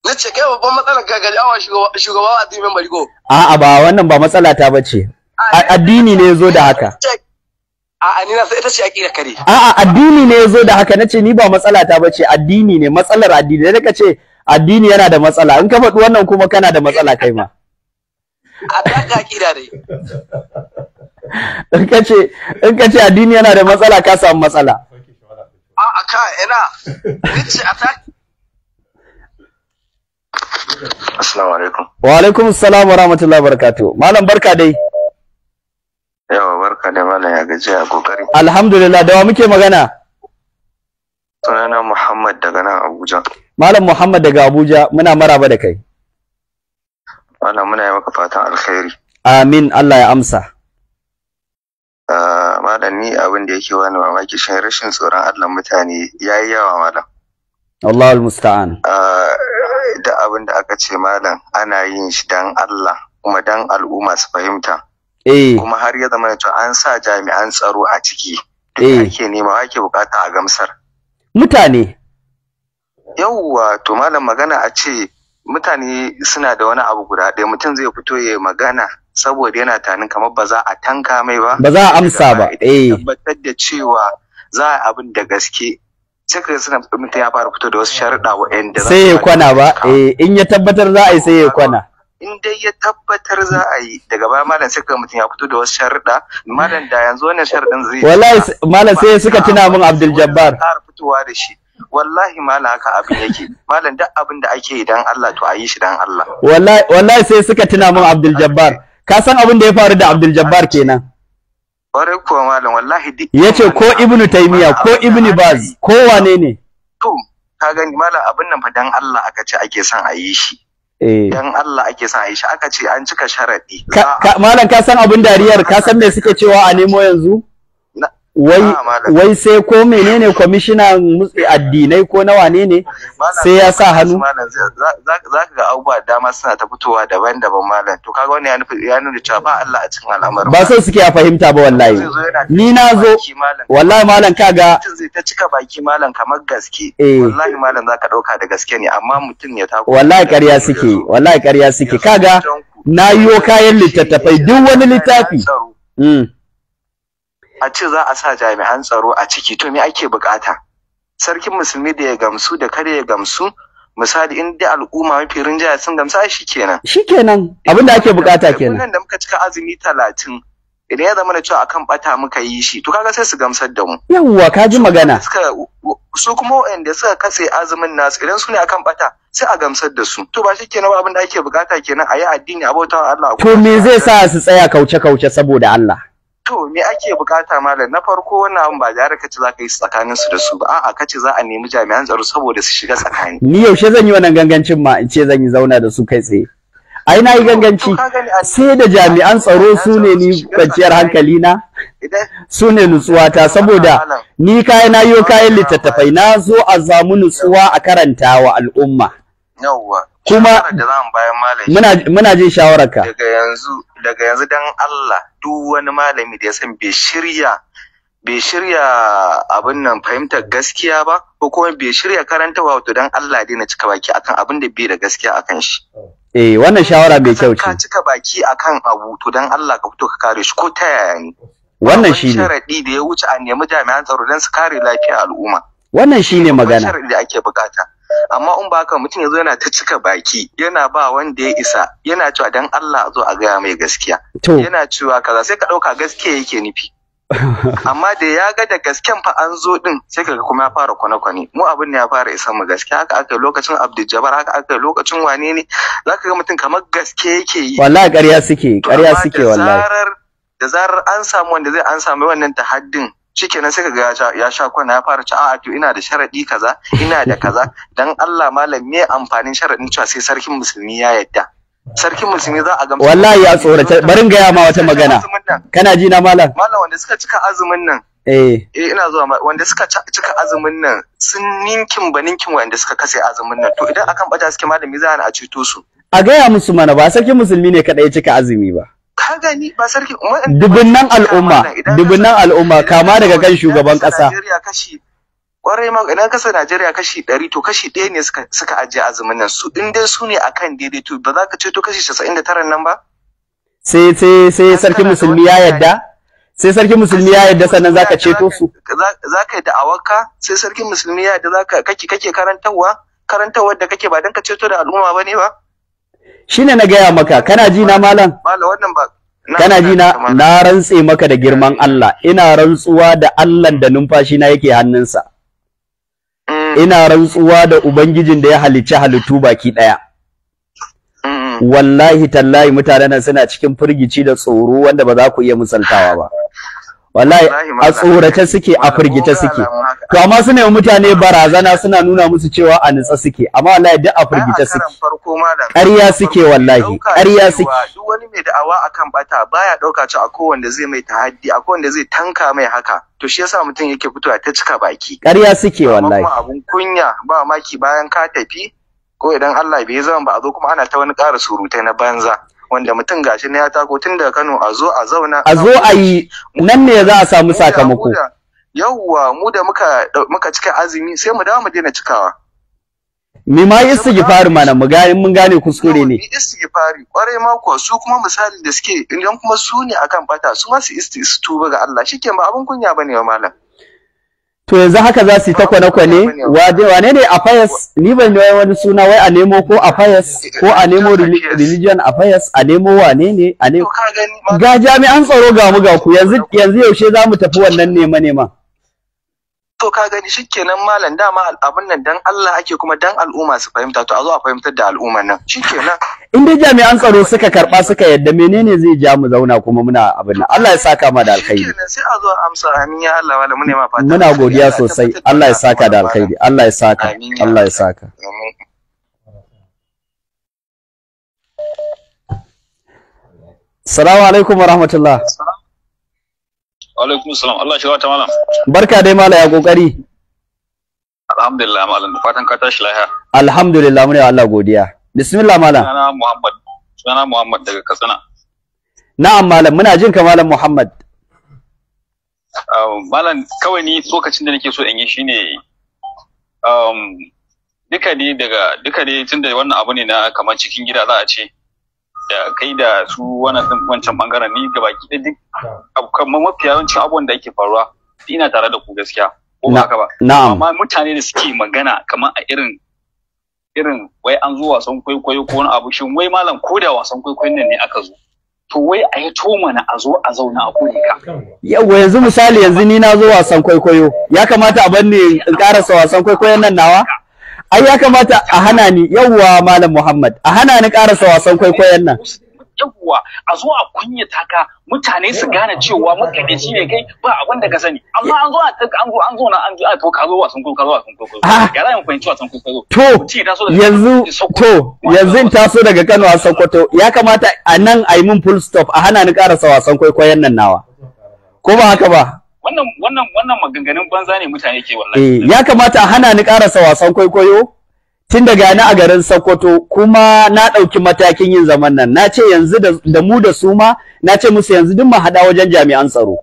na ce kai babban matsalar ka gaji awa shugaba a timin bari ko a'a ba wannan ba matsala ta bace addini ne yazo da haka a'a ni na sai ita ce aqida kare a'a addini ne yazo da haka nace ni ba matsala ta bace addini ne matsalar addini da kace addini yana da matsala in ka faɗi wannan kuma kana da matsala kai ma in ka ce addini yana da matsala ka samu matsala assalamu alaikum wa alaikum assalam wa rahmatullahi wa malam barka dai yawa barka da malam ya gaji a kokari alhamdulillah da wa muke magana sunana Muhammad daga nan Abuja. Malam Muhammad daga Abuja muna maraba da kai. Malam muna yi maka fatan alkhairi. Amin Allah ya amsa. Ah, malam ni abin da yake wani mamaki shi rashin tsoron Allah mutane ya yi yawa malam. Allah al-musta'an. Ah, da abin da aka ce malam ana yin shi dan Allah kuma dan al'umma su fahimta. Eh. Kuma har ya zama an sa jami'an tsaro a ciki. Duk eh. ake nema ake bukata a gamsar. mutane yauwa to malam magana a ce mutane suna da wani abu guda ɗaya mutum zai fito ya magana saboda yana tanin kamar ba za a tanka mai ba ba za a amsa ba eh tabbatar da cewa za a abin da gaske sai ka suna mutum ya fara fito da wasu sharuɗa wa'anda sai ya kwana ba eh in ya tabbatar za a yi sai ya kwana in dai ya tabbatar za a yi daga baya malam sai ka mutum ya fito da wasu sharuɗa malam da yanzu wannan sharuɗin zai wallahi malam sai suka tuna min Abdul Jabbar har fitowa da shi wallahi malam haka abin yake malam duk abin da ake yi dan Allah to a yi shi dan Allah wallahi wallahi sai suka tuna min Abdul Jabbar ka san abin da ya faru da Abdul Jabbar kenan kware kuwa malam wallahi duk yace ko Ibnu Taymiya ko Ibnu Baz ko wane ne to ka gani malam abin nan fa dan Allah aka ce ake son a yi shi Eh. dan Allah ake sa Aisha aka ce an cika sharaɗi. malam ka san abin dariyar ka san me suke cewa a nemo yanzu wai sai ko menene kwamishinan addinai ko na wane ne sai ya sa hannu za ka ga abubuwa dama suna ta fitowa daban-daban malam to kaga wani ya nuna cewa ba Allah a cikin al'amarin ba sai suke ya fahimta ba wallahi ni na zo wallahi malam kaga zai ta cika baki malam kamar gaske eh. wallahi malam za ka dauka da gaske ne amma mutum ya tako wallahi ƙarya suke wallahi ƙarya suke kaga na yiwo kayan littattafai duk wani littafi a ce za a sa jami'an tsaro a ciki to me ake bukata sarkin musulmi da ya gamsu da kare ya gamsu misali in dai al'umma mafi rinjaya sun gamsa shi kenan shi kenan abin da ake bukata kenan nan da muka cika azumi talatin idan ya zama da cewa akan bata muka yi shi to kaga sai su gamsar da mu yawwa ka ji magana su kuma wanda suka kase azumin nasu idan su ne akan bata sai a gamsar da su to ba shi kenan abin da ake bukata kenan a yi addini a bautawa Allah to me zai sa su tsaya kauce kauce saboda Allah to me ake bukata malam na farko wannan abin ba da kace za ka yi tsakanin su da su ba a'a ka za a nemi jami'an tsaro saboda su shiga tsakani ni yaushe zan yi wannan gangancin ma in ce zan yi zauna da su kai tsaye ai na yi ganganci sai da jami'an tsaro su ne ni kwanciyar hankali na su ne nutsuwata saboda ni kayan na yi kayan littattafai na zo a zamu nutsuwa a karanta wa al'umma kuma muna jin shawararka daga yanzu daga yanzu dan Allah duk wani malami da ya san bai shirya bai shirya abin nan fahimtar gaskiya ba ko kuma bai shirya karanta wato dan Allah daina cika baki akan abin da bai da gaskiya akan shi eh wannan shawara bai kyau ce ka cika baki akan abu to dan Allah ka fito ka kare shi ko ta yaya ne wannan shine sharadi da ya wuce a nemi jami'an tsaro dan su kare lafiyar al'umma wannan shine magana sharadi da ake bukata amma in ba haka mutum ya zo yana ta cika baki yana ba wanda ya isa yana cewa dan Allah zo a gaya mai gaskiya yana cewa kaza sai ka ɗauka gaskiya yake nufi amma da ya ga da gasken fa an zo din sai kaga kuma ya fara kwane-kwane mu abin ne ya fara isan mu gaskiya haka aka lokacin Abdul Jabbar haka aka lokacin wane ne zaka ga mutum kamar gaske yake yi wallahi ƙarya suke ƙarya suke wallahi da zarar an samu wanda zai an samu wannan tahaddin shikenan sai kaga ya sha kwana ya fara ci a'a to ina da sharadi kaza ina da kaza dan Allah malam me amfanin sharadin cewa sai sarkin musulmi ya yadda sarkin musulmi za a gamsu wallahi ya tsorata barin gaya ma wata magana kana ji na malam malam wanda suka cika azumin nan eh, eh ina zuwa wanda suka cika azumin nan sun ninkin ba ninkin wanda suka kase azumin nan to idan akan bata suke malami za a to su a gaya musu mana ba sarkin musulmi ne kada ya cika azumi ba ka gani ba sarki dubunnan al'umma dubunnan al'umma kama daga kan shugaban kasa kwarai ma idan kasa Najeriya kashi ɗari to kashi ɗaya ne suka ajiye azumin nan su in dai su ne akan daidai to ba za ka ce to kashi casa'in da taran nan ba sai sai sai sarki musulmi ya yarda sai sarki musulmi ya yadda sannan zaka ceto su Za zaka yi da'awarka sai sarki musulmi ya yarda zaka kake kake karantarwa karantarwar da kake ba don ka ceto da al'umma ba ne ba shine na gaya maka kana ji na malam kana ji na na rantse maka da girman Allah ina rantsuwa da Allah da numfashi na yake hannunsa mm. ina rantsuwa da ubangijin da ya halicci halittu baki daya mm. wallahi tallahi mutanen suna cikin firgici da tsoro wanda ba za ku iya misaltawa ba wallahi a tsorata suke a firgita suke to amma suna mutane barazana suna nuna musu cewa a nutsa suke amma wallahi duk a firgita suke ƙarya suke wallahi ƙarya suke duk wani mai da'awa akan bata baya ɗauka ci a kowanne zai mai tahaddi a kowanne zai tanka mai haka to shi yasa mutum yake fitowa ta cika baki ƙarya suke wallahi amma abun kunya ba maki bayan ka tafi ko idan Allah bai zama ba a zo kuma ana ta wani ƙara surutai na banza wanda mutum gashi na ya tako tun daga Kano a zo a zauna a zo a yi nan ne za a samu sakamako yawwa mu da muka muka cika azumi sai mu dawo mu daina cikawa Me ma istighfar mana mu gane mun gane kuskure ne. Istighfari kwarai ma ko su kuma misali da suke idan kuma su ne akan bata su ma su istighfar ga Allah shikenan ba abun kunya bane wa malam. to yanzu haka za su yi ta kwane-kwane wane ne a fayas ni ban yi wani suna wai a nemo ko a fayas ko a nemo religion a fayas a nemo wane ne a nemo ga jami'an tsaro ga mu ga ku yanzu yaushe za mu tafi wannan nema-nema to ka gani shikenan malam dama abin nan dan Allah ake kuma dan al'umma su fahimta to a zo a fahimtar da al'umma nan shikenan in dai jami'an tsaro suka karba suka yadda menene zai ja mu zauna kuma muna abin nan Allah ya saka ma da alkhairi sai a zo amsa amin ya Allah wala mune ma fata muna godiya sosai Allah ya saka da alkhairi Allah ya saka Allah ya saka Assalamu alaikum warahmatullahi alaikum salam Allah shi wata malam barka dai malam ya kokari alhamdulillah malam fatan ka tashi lafiya alhamdulillah mune Allah godiya bismillah malam sunana muhammad sunana muhammad daga katsina na'am malam muna jin ka malam muhammad um, malam kawai ni tsokacin da nake so in yi shine um, duka ne daga duka ne tunda wannan abu ne na kamar cikin gida za a ce kai da su wannan wancan bangaren ni baki da duk kamar mafi yawancin abubuwan da ake faruwa ina tare da ku gaskiya ko ba haka ba amma mutane da suke magana kamar a irin irin wai an zo wasan kwaikwayo ko wani abu shin wai malam ko da wasan kwaikwayon nan ne aka zo to wai a yi to mana a zo a zauna a kone ka yawa yanzu misali yanzu ni na zo wasan kwaikwayo ya kamata a bar ni in karasa wasan kwaikwayon nan nawa ai ya kamata a hana ni yawwa malam Muhammad a hana ni karasa wasan kwaikwayon nan yawwa a zo a kunyata ka mutane su gane cewa shi ne kai ba abin da ka sani amma an zo a an zo an zo na an zo a to ka zo wasan ko ka zo wasan kwaikwayo ah! ya rayin fahimci wasan zo to yanzu to yanzu in taso daga Kano a Sokoto ya kamata a nan a yi min full stop a hana ni karasa wasan kwaikwayon nan nawa ko ba haka ba wannan wannan wannan maganganun banza ne mutane ke wallahi eh, ya kamata a hana ni karasa wasan kwaikwayo tun daga ni a garin Sokoto kuma na ɗauki matakin yin zaman nan na ce yanzu da mu da su ma na ce musu yanzu duk mu haɗa wajen jami'an tsaro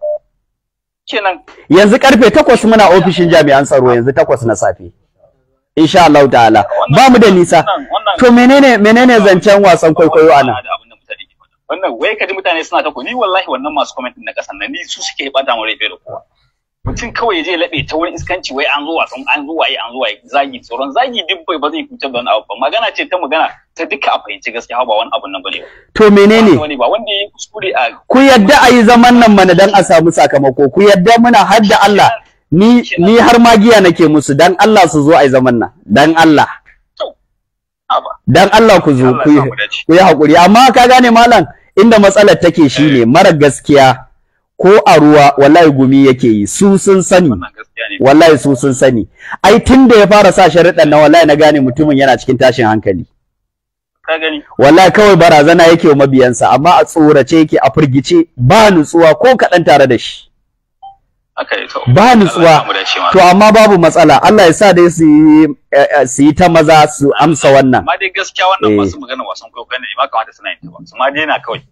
kenan yanzu karfe takwas muna ofishin jami'an tsaro yanzu takwas na safe insha Allah ta'ala ba mu da nisa to menene menene zancen wasan kwaikwayo anan wannan wai kaji mutane suna ta ni wallahi wannan masu comment na kasan nan ni su suke bata mu rafe da kowa mutum kawai ya je ta wurin iskanci wai an zo tsan an zo yi an zo yi. zagi tsoron zagi duk bai ba zai kuce da wani abu ba magana ce ta magana ta duka a fahimci gaskiya ba wani abun nan bane to menene ba wanda ya kuskure a ku yadda a yi zaman nan mana dan a samu sakamako ku yadda muna hadda Allah ni ni har magiya nake musu dan Allah su zo a yi zaman nan dan Allah dan Allah ku zo ku yi hakuri amma ka gane malam inda matsalar take shi ne, eh. mara gaskiya ko a ruwa wallahi gumi yake yi su sun sani wallahi su sun sani ai tun da ya fara sa sharuɗan na wallahi na gane mutumin yana cikin tashin hankali wallahi kawai barazana yake wa mabiyansa amma a tsorace yake a firgice ba nutsuwa ko kaɗan tare da shi ba nutsuwa to amma babu matsala Allah ya sa dai su eh, eh, su yi ta maza su amsa wannan ma dai gaskiya wannan ba eh. su magana wasan kai ne ba kamata suna yin ta ba su ma dai na kawai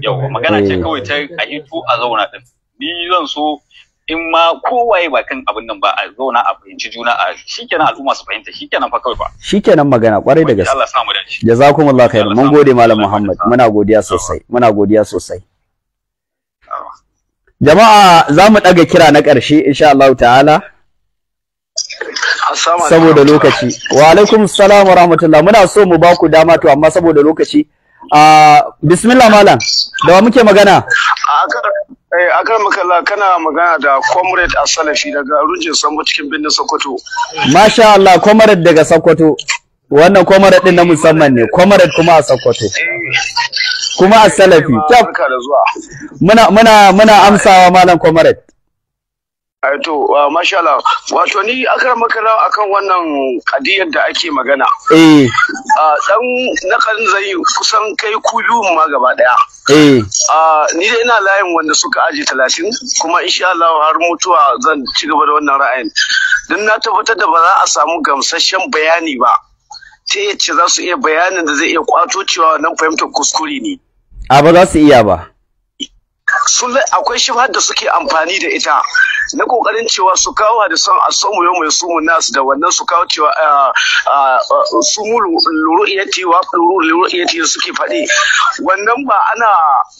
yau magana ce kawai ta a hito a zauna din ni zan so in ma kowaye ba kan abin nan ba a zauna a fahimci juna a shikenan al'umma su fahimta shikenan fa kawai ba shikenan magana kwarai da gaske Allah ya sa dace jazakumullahu khairan mun gode malam Muhammad muna godiya sosai muna godiya sosai jama'a za mu ɗaga kira na ƙarshe insha Allah ta'ala saboda lokaci wa alaikum salam wa rahmatullah muna so mu ba ku dama to amma saboda lokaci a ah, bismillah malam da wa muke magana a kan eh, makalla kana magana da comrade a salafi daga rujin sambo cikin birnin sokoto masha Allah comrade daga sokoto wannan comrade din na musamman ne comrade kuma a Sokoto kuma a Salafi muna muna muna amsawa malam comrade to masha Allah wato ni akar makara akan wannan kadiyar da ake magana eh dan kan zai kusan kai kudu ma gaba daya eh ni dai ina layin wanda suka aje 30 kuma insha Allah har mutuwa zan ci gaba da wannan ra'ayin dan na tabbatar da ba za a samu gamsasshen bayani ba ta yace za su iya bayanin da zai iya kwato cewa nan fahimtar kuskure ne a ba za su iya ba akwai shubhar da suke amfani da ita na kokarin cewa su kawo a asomu yau mai sumu nasu, da wannan su kawo cewa luru luru iya cewa suke faɗi wannan ba ana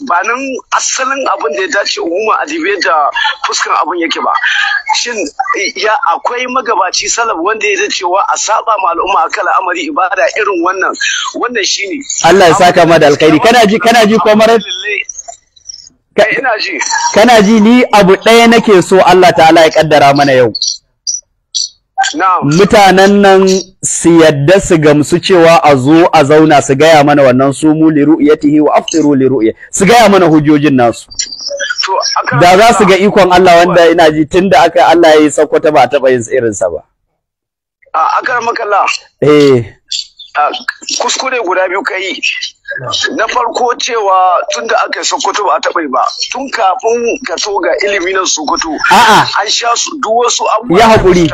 ba nan asalin abin da ya dace umuma dibe da fuskan abin yake ba shin ya akwai magabaci salaf wanda ya cewa a saba ma al'umma akan al'amari ibada irin wannan wannan shine Allah ya saka ma da alkhairi kana ji kana ji komai kai eh, ina ji kana ji ni abu ɗaya nake so Allah ta'ala ya ƙaddara mana yau mutanen nan su yadda su gamsu cewa a zo a zauna su gaya mana wannan su liru iya tihi wa aftiru liru iya. su gaya mana hujjojin nasu da za su ga ikon Allah wanda ina ji da aka Allah ya yi sakwata ba taɓa yin irin ba a akar makalla eh kuskure guda biyu yi. na farko cewa tun da aka yi sokoto ba a taɓa ba tun kafin ka so ga ilimi na sokoto an sha su duk wasu abubuwa ya haƙuri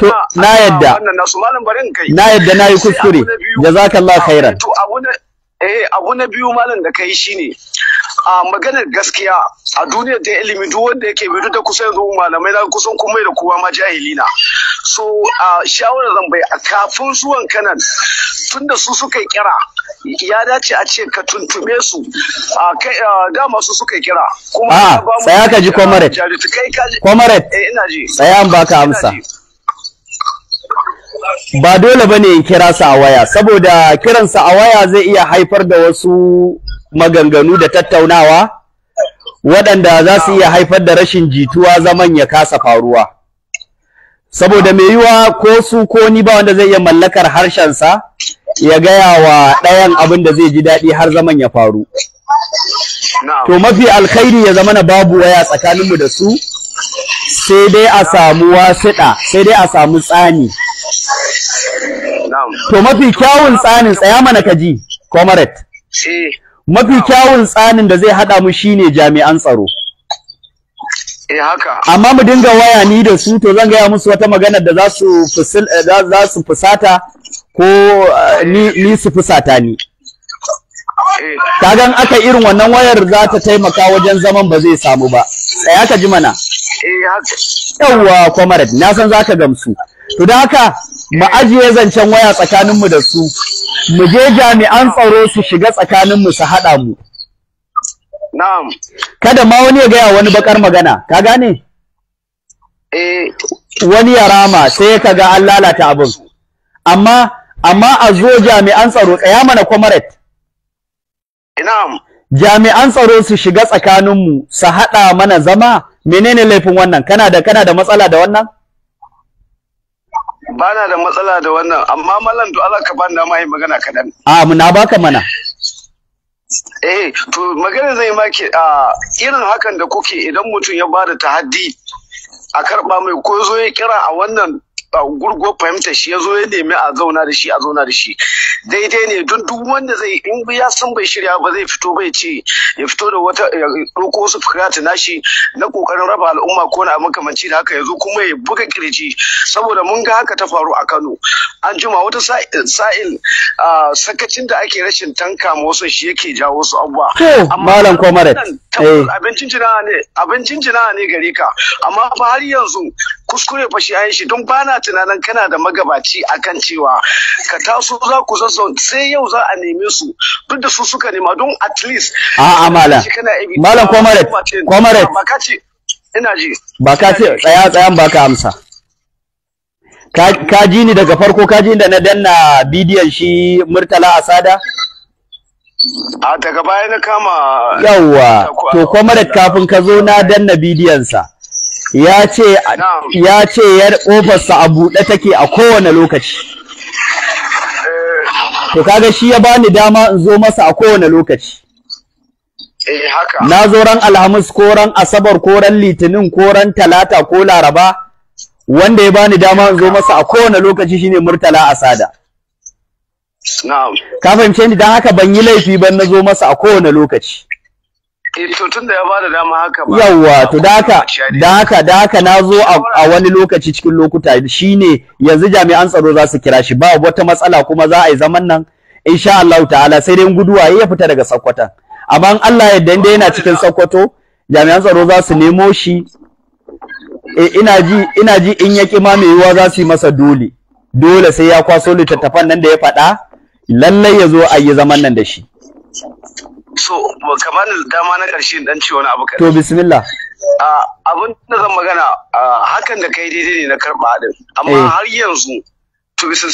to na yadda na yadda na yi kuskure jazakallah khairan to abu na eh abu na biyu malam da kai shine a maganar gaskiya a duniyar ta ilimi duk wanda yake bi da kusa yanzu malamai na kusan kuma da kowa ma jahili na so a shawarar zan bai a kafin zuwan kanan tunda su suka kira ya dace a ce ka tuntume su a kai masu suka kira kuma ah, a tsaya ka ji eh, ina ji tsaya an baka amsa ba dole bane in kira sa a waya saboda kiransa a waya zai iya haifar da wasu maganganu da tattaunawa waɗanda za su iya haifar da rashin jituwa zaman ya kasa faruwa saboda mai yiwa ko su ko ni ba wanda zai iya mallakar harshensa ya gaya wa ɗayan abin da zai ji daɗi har zaman ya faru to mafi alkhairi ya zama na babu waya tsakaninmu da su sai dai a samu wasiɗa sai dai a samu tsani to mafi kyawun tsanin tsaya mana ka ji comrade eh. mafi kyawun tsanin da zai haɗa mu shine jami'an tsaro Eh, amma mu dinga waya ni da su to zan gaya musu wata magana da za su eh, fusata ko eh, ni ni su fusata ni kagan aka irin wannan wayar za ta taimaka wajen zaman ba zai samu ba tsaya ka ji mana yawwa comrade na san za ka gamsu to da haka mu ajiye zancen waya tsakaninmu da su mu je jami'an tsaro su shiga tsakaninmu su haɗa mu Na'am. Kada ma wani ya gaya wani bakar magana, ka gane? Eh. Wani ya rama sai ya kaga an lalata abin. Amma amma a zo jami'an tsaro tsaya mana comrade. Na'am. Jami'an tsaro su shiga tsakaninmu su haɗa mana zama menene laifin wannan kana da kana da matsala da wannan? Bana da matsala da wannan amma mallam to Allah ka bani dama yin magana kaɗan. A na baka mana. eh to magana zai maki a irin hakan da kuke idan mutum ya bada tahaddi a karba mai ko zo ya kira a wannan gurgo fahimta shi ya zo ya nemi a zauna da shi a zauna da shi daidai ne don duk wanda zai in ya san bai shirya ba zai fito bai ce ya fito da wata ya ɗauko wasu fukata nashi na ƙoƙarin raba al'umma ko na makamanci da haka ya zo kuma ya buga kirji saboda mun ga haka ta faru a Kano an jima wata sa'il sakacin da ake rashin tanka wasu shi yake jawo wasu abuwa malam komare abincin jina ne abincin jina ne gare ka amma ba har yanzu kuskure fa shi an shi don bana tunanin kana da magabaci akan cewa ka taso za ku zazzo sai yau za a neme su duk da su suka nema don at least a a malam malam comrade comrade ba ka ce ina ji ba ka ce tsaya tsayan ba ka amsa ka ji ni daga farko ka ji da na danna bidiyon shi murtala asada a daga baya na kama yawwa to comrade kafin ka zo na danna bidiyon sa ya ce ya yar ƙofarsa a buɗe take a kowane lokaci eh. to kaga shi ya bani dama in zo masa a kowane lokaci eh, na zo ran alhamis ko ran asabar ko ran litinin ko ran talata ko laraba wanda ya bani dama in zo masa a kowane lokaci shine murtala asada ka fahimce ni dan haka ban yi laifi ban na zo masa a kowane lokaci Eh, to to da haka da haka da a wani lokaci cikin lokuta shine yanzu jami'an tsaro za su kira shi ba wata matsala kuma za a yi zaman nan insha Allah ta'ala sai dai guduwa ya fita daga Sokoto amma Allah ya dande yana cikin Sokoto jami'an tsaro za su nemo shi eh, ina ji ina ji in ya kima mai yiwuwa za su yi masa dole dole sai ya kwaso littattafan nan da ya faɗa lallai ya zo a yi zaman nan da shi so kamar dama na ƙarshe dan ce wani abu kaɗan. To bismillah. Abin da zan magana hakan da kai daidai ne na karɓa din amma eh. har yanzu to bisa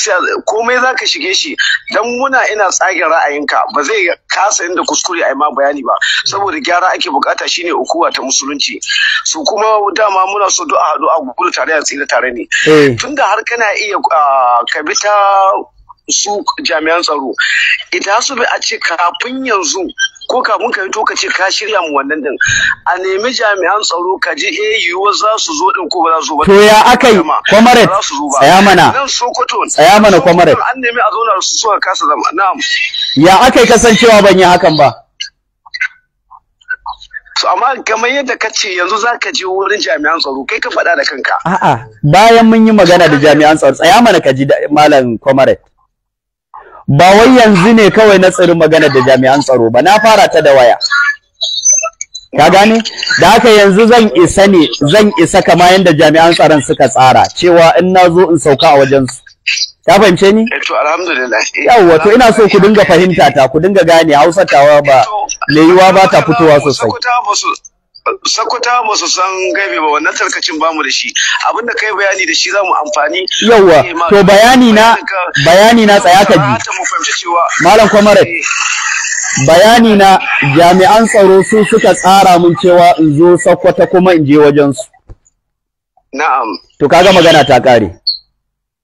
komai za ka shige shi dan muna ina tsagen ra'ayinka ba zai kasa inda kuskure a ma bayani ba saboda gyara ake bukata shine ukuwa ta musulunci su kuma dama muna so du'a a haɗu a gugul tare a tsira tare ne eh. tunda har kana iya ka bi ta su jami'an tsaro idan su bi a ce kafin yanzu ko kafin ka fito ka ce ka shirya mu wannan din a nemi jami'an tsaro ka ji eh yiwuwa za su zo din ko ba za su ba to ya akai comrade tsaya mana tsaya mana comrade an nemi a zauna su suka kasa zama na'am ya akai kasancewa ban yi hakan ba to amma kamar yadda ka ce yanzu za ka je wurin jami'an tsaro kai ka faɗa da kanka. A'a bayan mun yi magana da jami'an tsaro tsaya mana ka ji malam comrade. ba wai yanzu ne kawai na tsirin magana da jami'an tsaro ba na fara ta da waya ka gane da haka yanzu zan isa ne zan isa kama yadda jami'an tsaron suka tsara cewa in na zo in sauka a wajen su ka fahimce ni eh, to alhamdulillah eh. yawwa to ina so ku dinga fahimta ta ku dinga gane hausa tawa ba mai yiwa ba ta fitowa sosai sakwata ba su san gaibe ba wannan tarkacin ba mu da shi abin da kai bayani da shi za mu amfani yawa eh, to bayani na bayani na tsaya ka ji malam kwamare eh. bayani na jami'an tsaro su suka tsara mun cewa in zo sakwata kuma in je wajen su na'am to kaga magana ta kare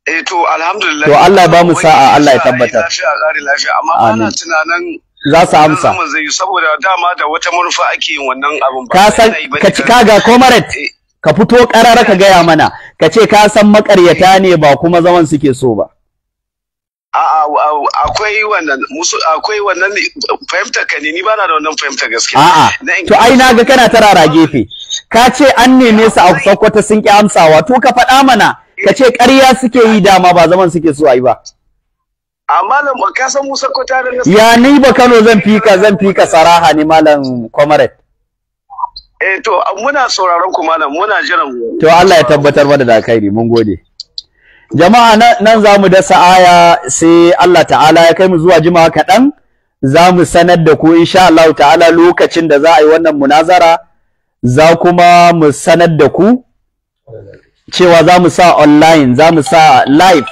eh to alhamdulillah to Allah ba mu sa'a Allah ya tabbatar lafiya lafiya amma ana tunanin za su amsa saboda dama da wata manufa ake yin wannan abin ba ka ka ci kaga comrade eh. ka fito karara ka gaya mana ka ce ka san makaryata ne ba kuma zaman suke so ba akwai wannan musu akwai wannan fahimtar ka ne ni ba na da wannan fahimtar gaskiya a'a to ai na ga kana tarara gefe ka ce an neme su a Sokoto sun ki amsawa to ka faɗa mana ka ce ƙarya suke yi dama ba zaman suke so ai ba ba ka san Musa na Ya ni ba Kano zan fika zan fika saraha ni malam Comrade. Eh to muna sauraron ku malam muna jiran To Allah ya tabbatar mana da kai mun gode. Jama'a nan zamu mu dasa aya sai Allah ta'ala ya kai mu zuwa juma'a kaɗan za mu sanar da ku insha Allah ta'ala lokacin da za a yi wannan munazara za kuma mu sanar da ku cewa za mu sa online za mu sa live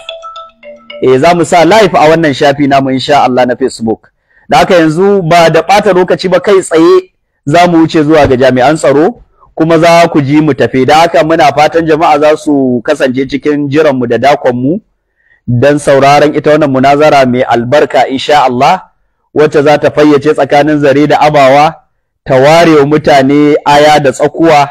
eh za mu sa live a wannan shafi namu insha Allah na Facebook da haka yanzu ba da ɓata lokaci ba kai tsaye za mu wuce zuwa ga jami'an tsaro kuma za ku ji mu tafi da haka muna fatan jama'a za su kasance cikin jiranmu da dakonmu don sauraron ita wannan munazara mai albarka insha Allah wacce za ta fayyace tsakanin zare da abawa ta ware mutane aya da tsakuwa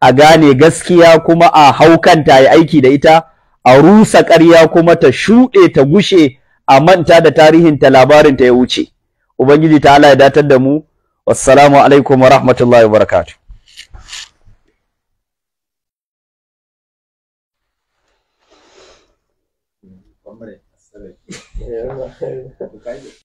a gane gaskiya kuma a haukanta ya aiki da ita a rusa ƙarya kuma ta shuɗe ta gushe a manta da tarihinta labarinta ya wuce ubangiji ta Allah ya datar da mu wassalamu alaikum wa rahmatullahi wa barakatuh Yeah.